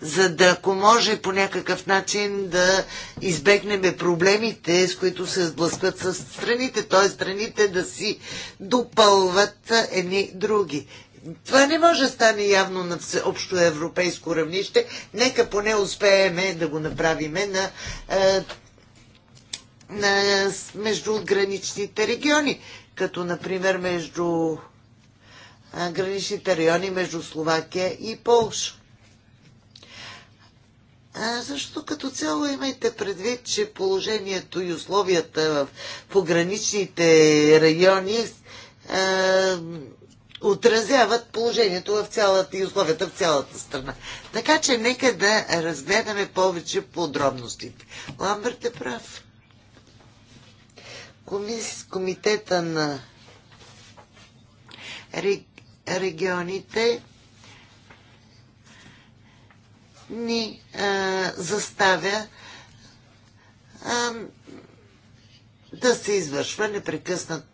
за да ако може по някакъв начин да избегнем проблемите, с които се сблъскват с страните, т.е. страните да си допълват едни други това не може да стане явно на всеобщо европейско равнище. Нека поне успееме да го направиме на, е, на междуграничните региони, като например между е, граничните райони между Словакия и Полша. защото като цяло имайте предвид, че положението и условията в пограничните райони е, отразяват положението в цялата и условията в цялата страна. Така че нека да разгледаме повече подробностите. Ламберт е прав. Комис, комитета на регионите ни а, заставя а, да се извършва непрекъснат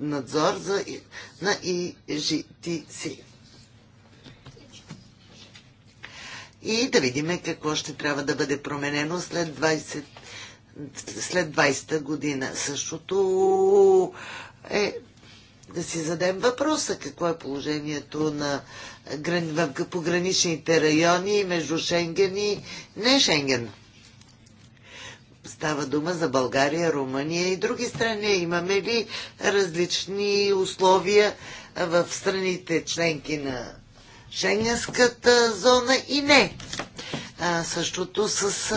надзор за, на си. И да видим какво ще трябва да бъде променено след 20 след 20-та година. Същото е да си задем въпроса какво е положението на, в пограничните райони между Шенген и не Шенген. Става дума за България, Румъния и други страни. Имаме ли различни условия в страните членки на Шенгенската зона и не? А, същото с, с,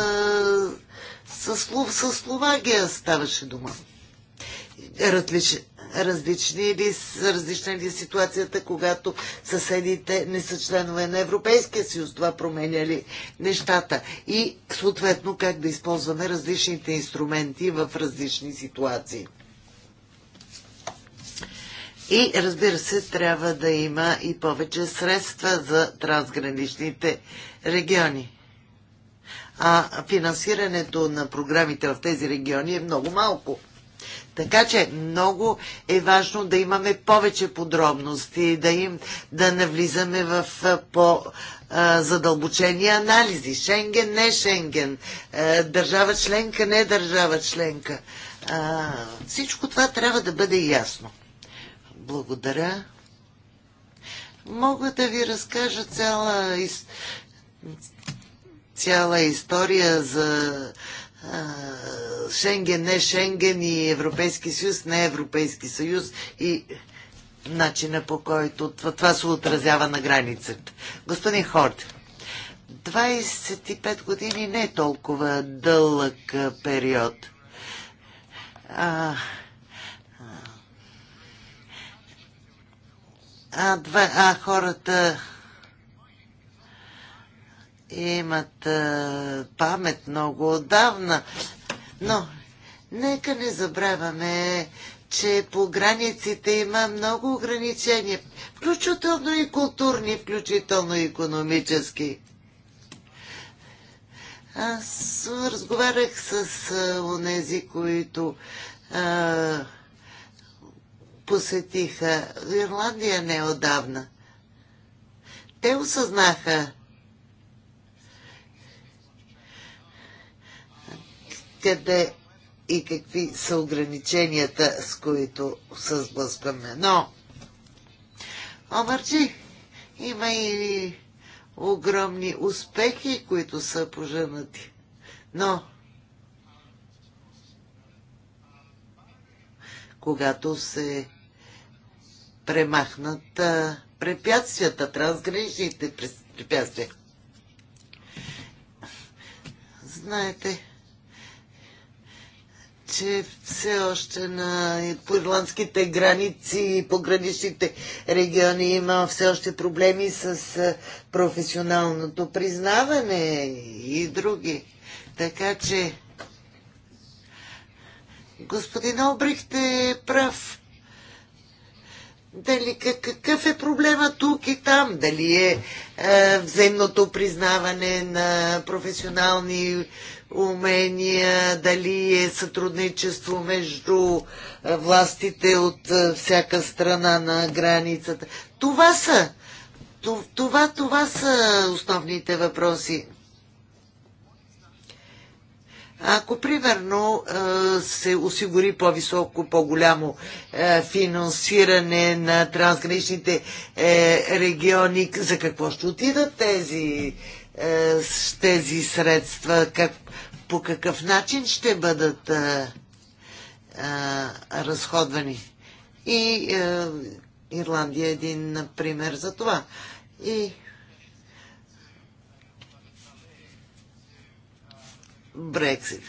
с, с Словагия ставаше дума. Различ, различни ли, различна ли ситуацията, когато съседите не са членове на Европейския съюз? Това променя ли нещата? И съответно как да използваме различните инструменти в различни ситуации? И разбира се, трябва да има и повече средства за трансграничните региони. А финансирането на програмите в тези региони е много малко. Така че много е важно да имаме повече подробности, да, им, да влизаме в по-задълбочени анализи. Шенген, не Шенген, държава членка, не държава членка. Всичко това трябва да бъде ясно. Благодаря. Мога да ви разкажа цяла, цяла история за Шенген, не Шенген и Европейски съюз, не Европейски съюз и начина по който това се отразява на границата. Господин Хорд, 25 години не е толкова дълъг период. А, а, а, а хората имат а, памет много отдавна. Но нека не забравяме, че по границите има много ограничения, включително и културни, включително и економически. Аз разговарях с онези, които а, посетиха Ирландия неодавна. Те осъзнаха къде и какви са ограниченията, с които се сблъскваме. Но, обърчи, има и огромни успехи, които са поженати. Но, когато се премахнат а, препятствията, трансграничните препятствия. Знаете, че все още на ирландските граници и пограничните региони има все още проблеми с професионалното признаване и други. Така че господин Обрихт е прав дали какъв е проблема тук и там, дали е, е взаимното признаване на професионални умения, дали е сътрудничество между е, властите от е, всяка страна на границата. Това са, това, това са основните въпроси. Ако примерно се осигури по-високо, по-голямо финансиране на трансграничните е, региони, за какво ще отидат тези, е, тези средства? Как, по какъв начин ще бъдат а, а, разходвани? И а, е, Ирландия е един пример за това. И Брексит.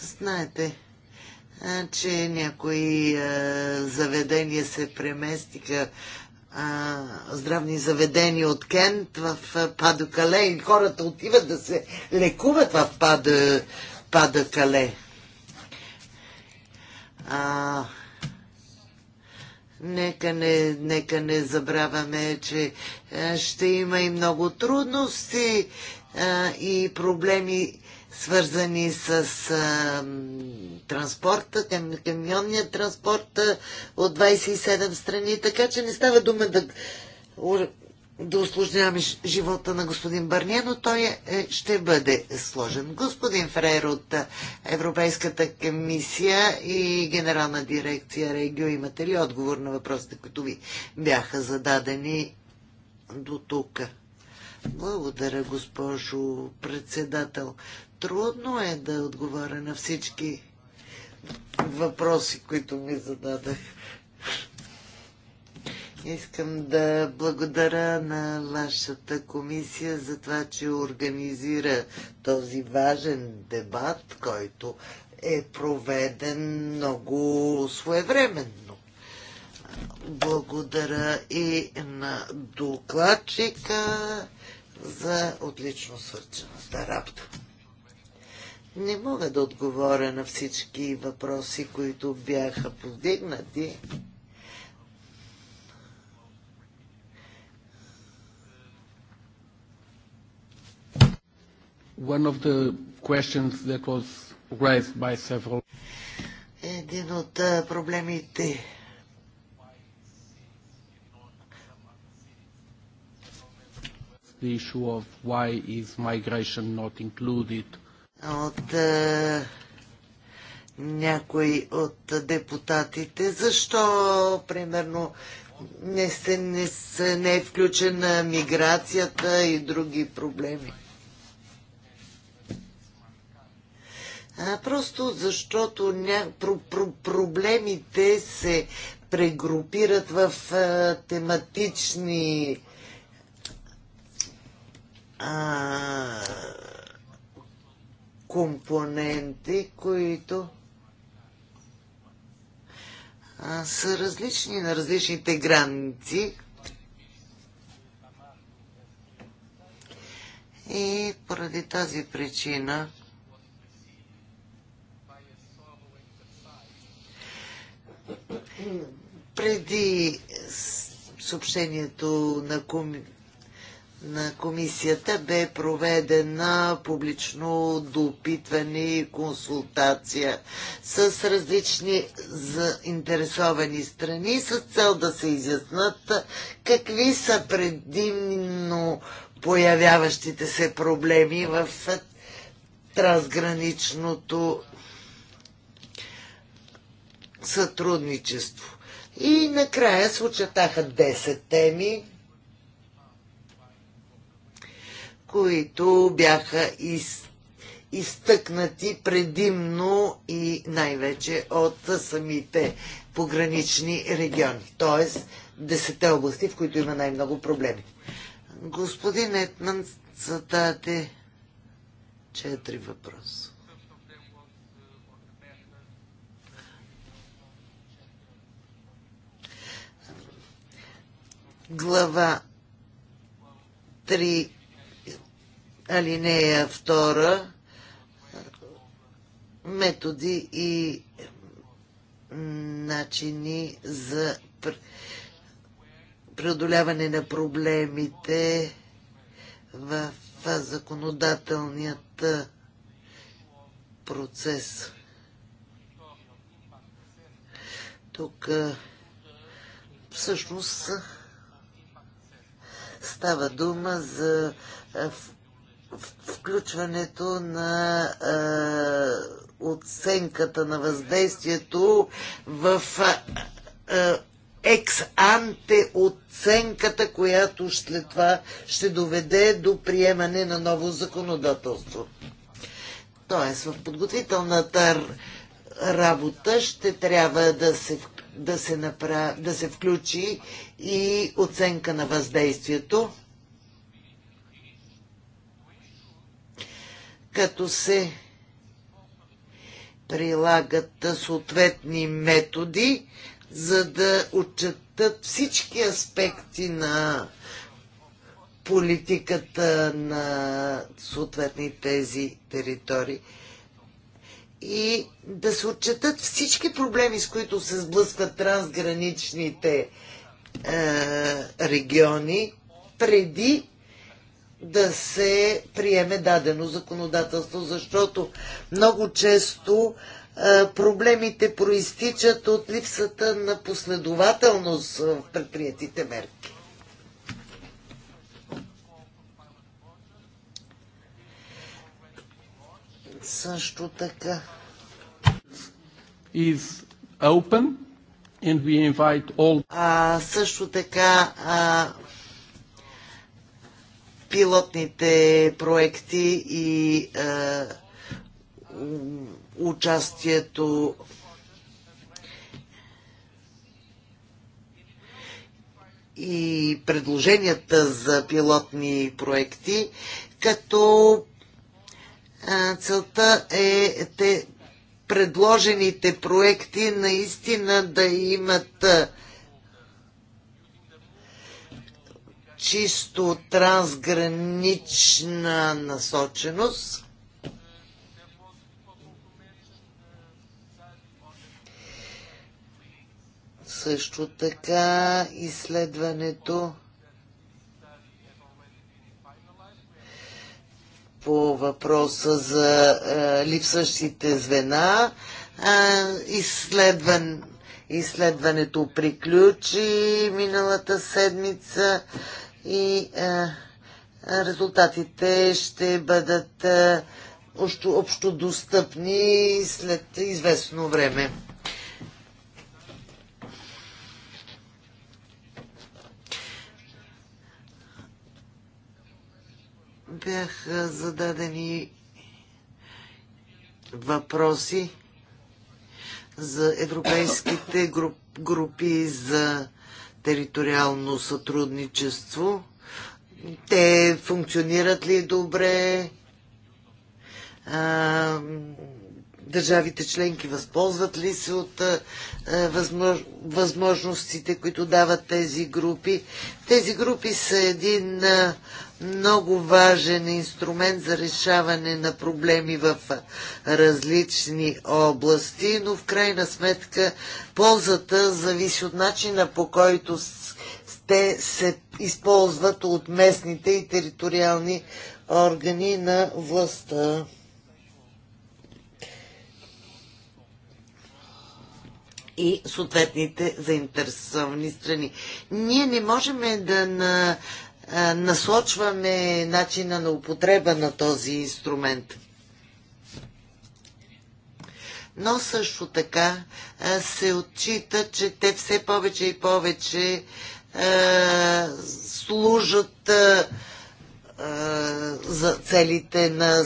Знаете, че някои заведения се преместиха здравни заведения от Кент в Падокале и хората отиват да се лекуват в Падокале. А, Нека не, нека не забравяме, че е, ще има и много трудности а, е, и проблеми, свързани с а, е, транспорта, кам, камионния транспорт от 27 страни, така че не става дума да да осложняваме живота на господин Барния, но той е, е, ще бъде сложен. Господин Фрейр от е, Европейската комисия и Генерална дирекция Регио, имате ли отговор на въпросите, които ви бяха зададени до тук? Благодаря, госпожо председател. Трудно е да отговоря на всички въпроси, които ми зададах. Искам да благодаря на вашата комисия за това, че организира този важен дебат, който е проведен много своевременно. Благодаря и на докладчика за отлично свърчената работа. Не мога да отговоря на всички въпроси, които бяха повдигнати. One of the questions that was raised by several... Един от проблемите, the issue of why is migration not included. От е, някои от депутатите, защо примерно не, се, не, се, не е включена миграцията и други проблеми? а просто защото ня... про- про- проблемите се прегрупират в а, тематични а, компоненти, които а, са различни на различните граници. И поради тази причина Преди съобщението на, коми... на комисията бе проведена публично допитване и консултация с различни заинтересовани страни с цел да се изяснат какви са предимно появяващите се проблеми в трансграничното сътрудничество. И накрая се очертаха 10 теми, които бяха из, изтъкнати предимно и най-вече от самите погранични региони, т.е. десете области, в които има най-много проблеми. Господин Етман зададе четири въпроса. глава 3, алинея 2, методи и начини за преодоляване на проблемите в законодателният процес. Тук всъщност Става дума за е, включването на е, оценката на въздействието в е, екс-анте оценката, която след това ще доведе до приемане на ново законодателство. Тоест, в подготвителната работа ще трябва да се да се, напра... да се включи и оценка на въздействието, като се прилагат съответни методи, за да отчетат всички аспекти на политиката на съответни тези територии и да се отчетат всички проблеми, с които се сблъскват трансграничните е, региони, преди да се приеме дадено законодателство, защото много често е, проблемите проистичат от липсата на последователност в предприятите мерки. също така. Is open and we invite all... А, също така а, пилотните проекти и а, участието и предложенията за пилотни проекти, като Целта е те предложените проекти наистина да имат чисто трансгранична насоченост. Също така изследването по въпроса за а, е, липсващите звена. А, е, изследван, изследването приключи миналата седмица и а, е, резултатите ще бъдат а, общо, общо достъпни след известно време. Бяха зададени въпроси за европейските групи за териториално сътрудничество. Те функционират ли добре? държавите членки възползват ли се от възможностите, които дават тези групи? Тези групи са един много важен инструмент за решаване на проблеми в различни области, но в крайна сметка ползата зависи от начина по който те се използват от местните и териториални органи на властта. и съответните заинтересовани страни. Ние не можем да на, насочваме начина на употреба на този инструмент. Но също така се отчита, че те все повече и повече служат за целите на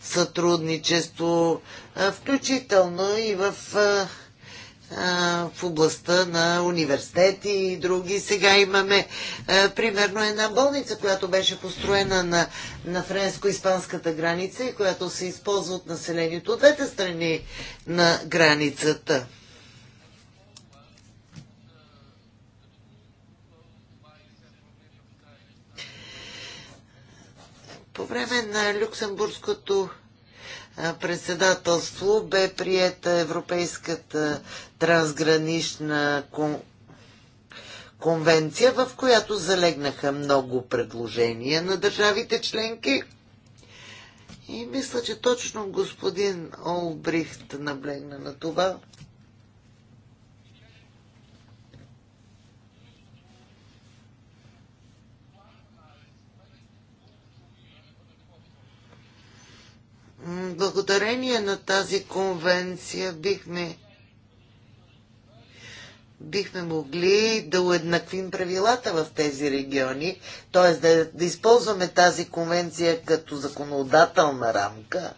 сътрудничество, включително и в в областта на университети и други. Сега имаме а, примерно една болница, която беше построена на, на френско-испанската граница и която се използва от населението от двете страни на границата. По време на Люксембургското председателство бе приета Европейската трансгранична кон... конвенция, в която залегнаха много предложения на държавите членки. И мисля, че точно господин Олбрихт наблегна на това. благодарение на тази конвенция бихме бихме могли да уеднаквим правилата в тези региони, т.е. Да, да използваме тази конвенция като законодателна рамка,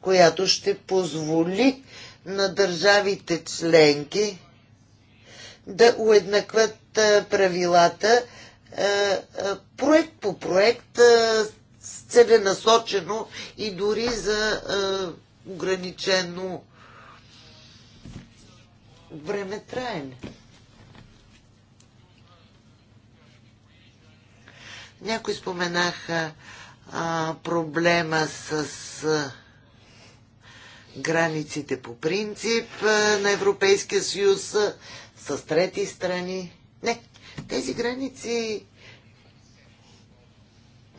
която ще позволи на държавите членки да уеднакват правилата проект по проект, целенасочено и дори за а, ограничено време траене. Някои споменаха а, проблема с а, границите по принцип а, на Европейския съюз а, с трети страни. Не, тези граници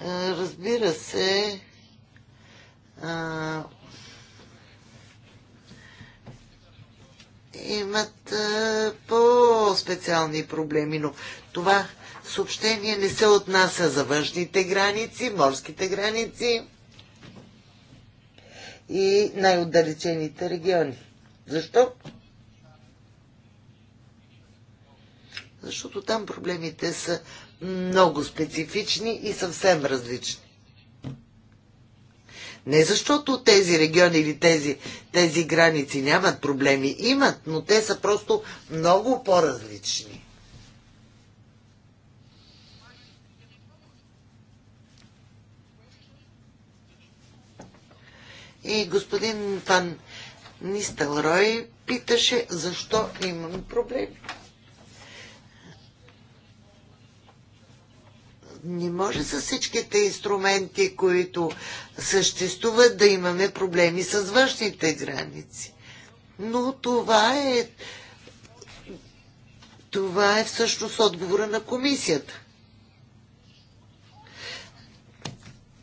Разбира се, а, имат по-специални проблеми, но това съобщение не се отнася за външните граници, морските граници и най-отдалечените региони. Защо? Защото там проблемите са много специфични и съвсем различни. Не защото тези региони или тези, тези граници нямат проблеми, имат, но те са просто много по-различни. И господин Фан Нистелрой питаше защо имаме проблеми. не може с всичките инструменти, които съществуват, да имаме проблеми с външните граници. Но това е. Това е всъщност отговора на комисията.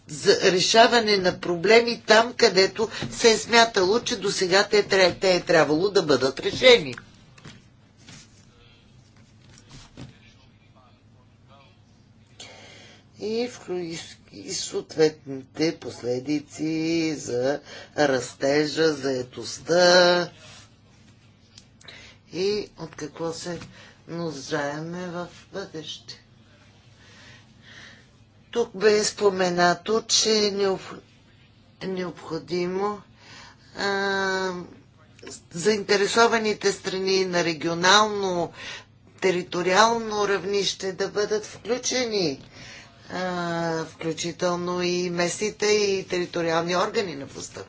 за решаване на проблеми там, където се е смятало, че до сега те, те е трябвало да бъдат решени. и, в и съответните последици за растежа, за етостта, и от какво се нуждаеме в бъдеще. Тук бе споменато, че е необходимо а... заинтересованите страни на регионално, териториално равнище да бъдат включени включително и местните и териториални органи на властта.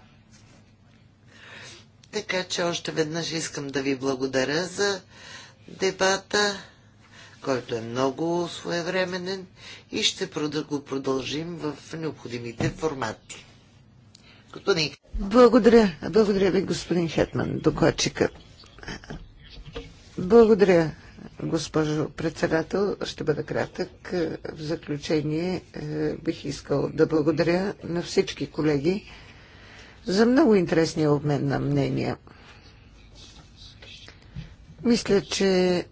Така че още веднъж искам да ви благодаря за дебата, който е много своевременен и ще го продължим в необходимите формати. Господин. Благодаря. Благодаря ви, господин Хетман, докладчика. Благодаря, Госпожо председател, ще бъда кратък. В заключение е, бих искал да благодаря на всички колеги за много интересния обмен на мнения. Мисля, че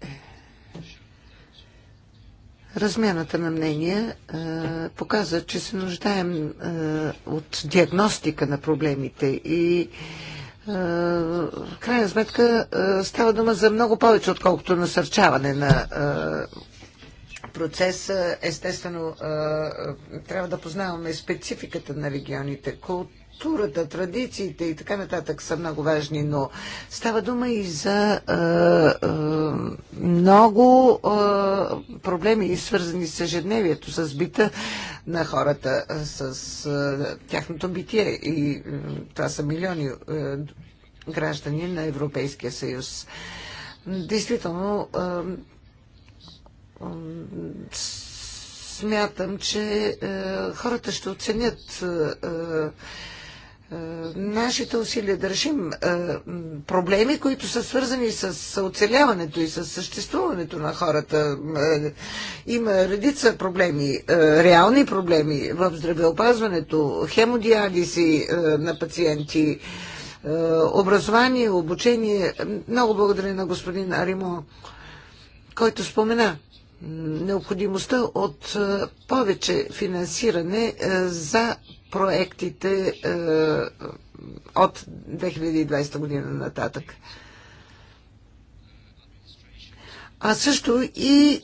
размяната на мнения е, показа, че се нуждаем е, от диагностика на проблемите и е, в крайна сметка е, става дума за много повече, отколкото насърчаване на е, процеса. Естествено, трябва да познаваме спецификата на регионите, култ културата, традициите и така нататък са много важни, но става дума и за е, е, много е, проблеми, свързани с ежедневието, с бита на хората, с е, тяхното битие. И е, това са милиони е, граждани на Европейския съюз. Действително, е, е, смятам, че е, хората ще оценят е, нашите усилия да решим е, проблеми, които са свързани с оцеляването и с съществуването на хората. Е, има редица проблеми, е, реални проблеми в здравеопазването, хемодиализи на пациенти, образование, обучение. Много благодаря на господин Аримо, който спомена необходимостта от повече финансиране за проектите е, от 2020 година нататък. А също и е,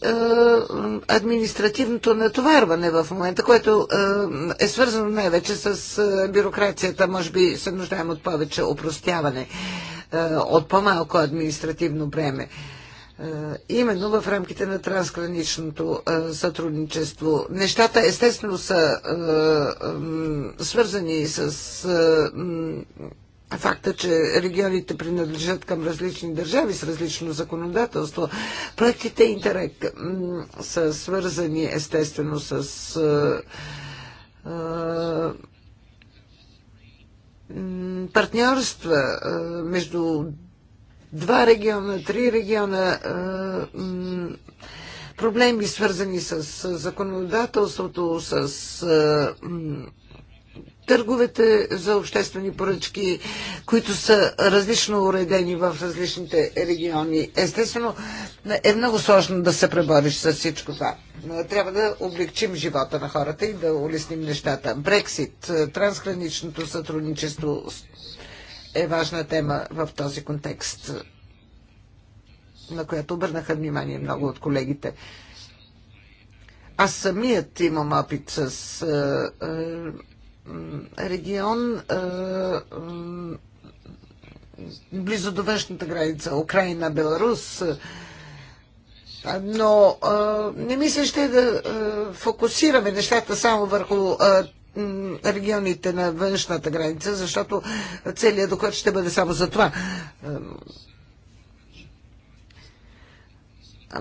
административното натоварване в момента, което е, е свързано най-вече с е, бюрокрацията. Може би се нуждаем от повече опростяване, е, от по-малко административно бреме. Е, е, именно в рамките на трансграничното е, сътрудничество. Нещата естествено са е, свързани с факта, че регионите принадлежат към различни държави с различно законодателство. Проектите Интерек са свързани естествено с партньорства между два региона, три региона, е, проблеми свързани с законодателството, с е, търговете за обществени поръчки, които са различно уредени в различните региони. Естествено, е много сложно да се пребориш с всичко това. Е, трябва да облегчим живота на хората и да улесним нещата. Брексит, трансграничното сътрудничество, е важна тема в този контекст, на която обърнаха внимание много от колегите. Аз самият имам опит с е, е, регион е, е, близо до външната граница, Украина, Беларус. Е, но е, не мисля, ще да е, фокусираме нещата само върху регионите на външната граница, защото целият доклад ще бъде само за това.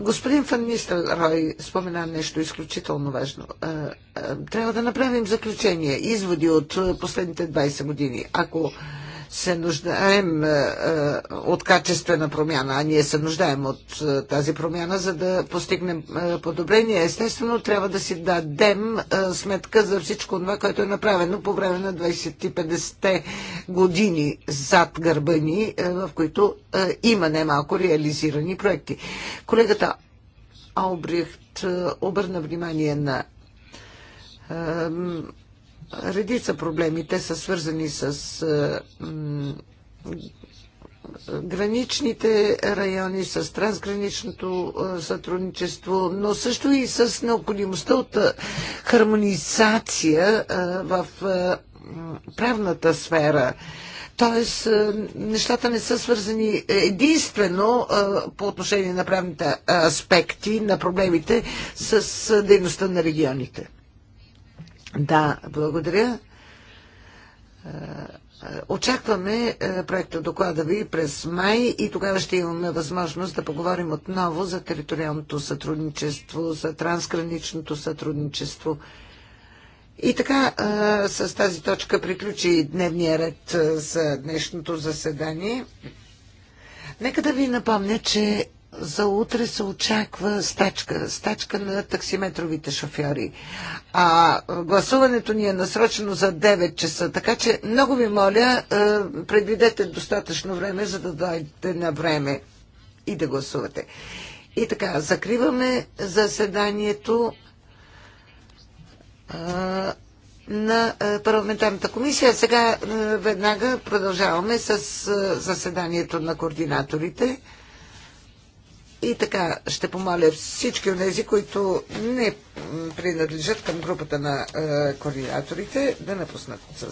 Господин Фанмистър Рой спомена нещо изключително важно. Трябва да направим заключение, изводи от последните 20 години. Ако се нуждаем е, е, от качествена промяна, а ние се нуждаем от е, тази промяна, за да постигнем подобрение. Естествено, трябва да си дадем сметка за всичко това, което е направено по време на 50 те години зад гърба ни, в които има немалко реализирани проекти. Колегата Албрехт обърна внимание на редица проблеми. Те са свързани с е, граничните райони, с трансграничното е, сътрудничество, но също и с необходимостта от е, хармонизация в правната сфера. Тоест, нещата не са свързани единствено по отношение на правните аспекти на проблемите с дейността на регионите. Да, благодаря. Е, очакваме е, проекта доклада ви през май и тогава ще имаме възможност да поговорим отново за териториалното сътрудничество, за трансграничното сътрудничество. И така, е, с тази точка приключи дневния ред за днешното заседание. Нека да ви напомня, че за утре се очаква стачка, стачка на таксиметровите шофьори. А гласуването ни е насрочено за 9 часа, така че много ви моля, предвидете достатъчно време, за да дойдете на време и да гласувате. И така, закриваме заседанието на парламентарната комисия. Сега веднага продължаваме с заседанието на координаторите. И така, ще помоля всички от тези, които не принадлежат към групата на е, координаторите, да напуснат с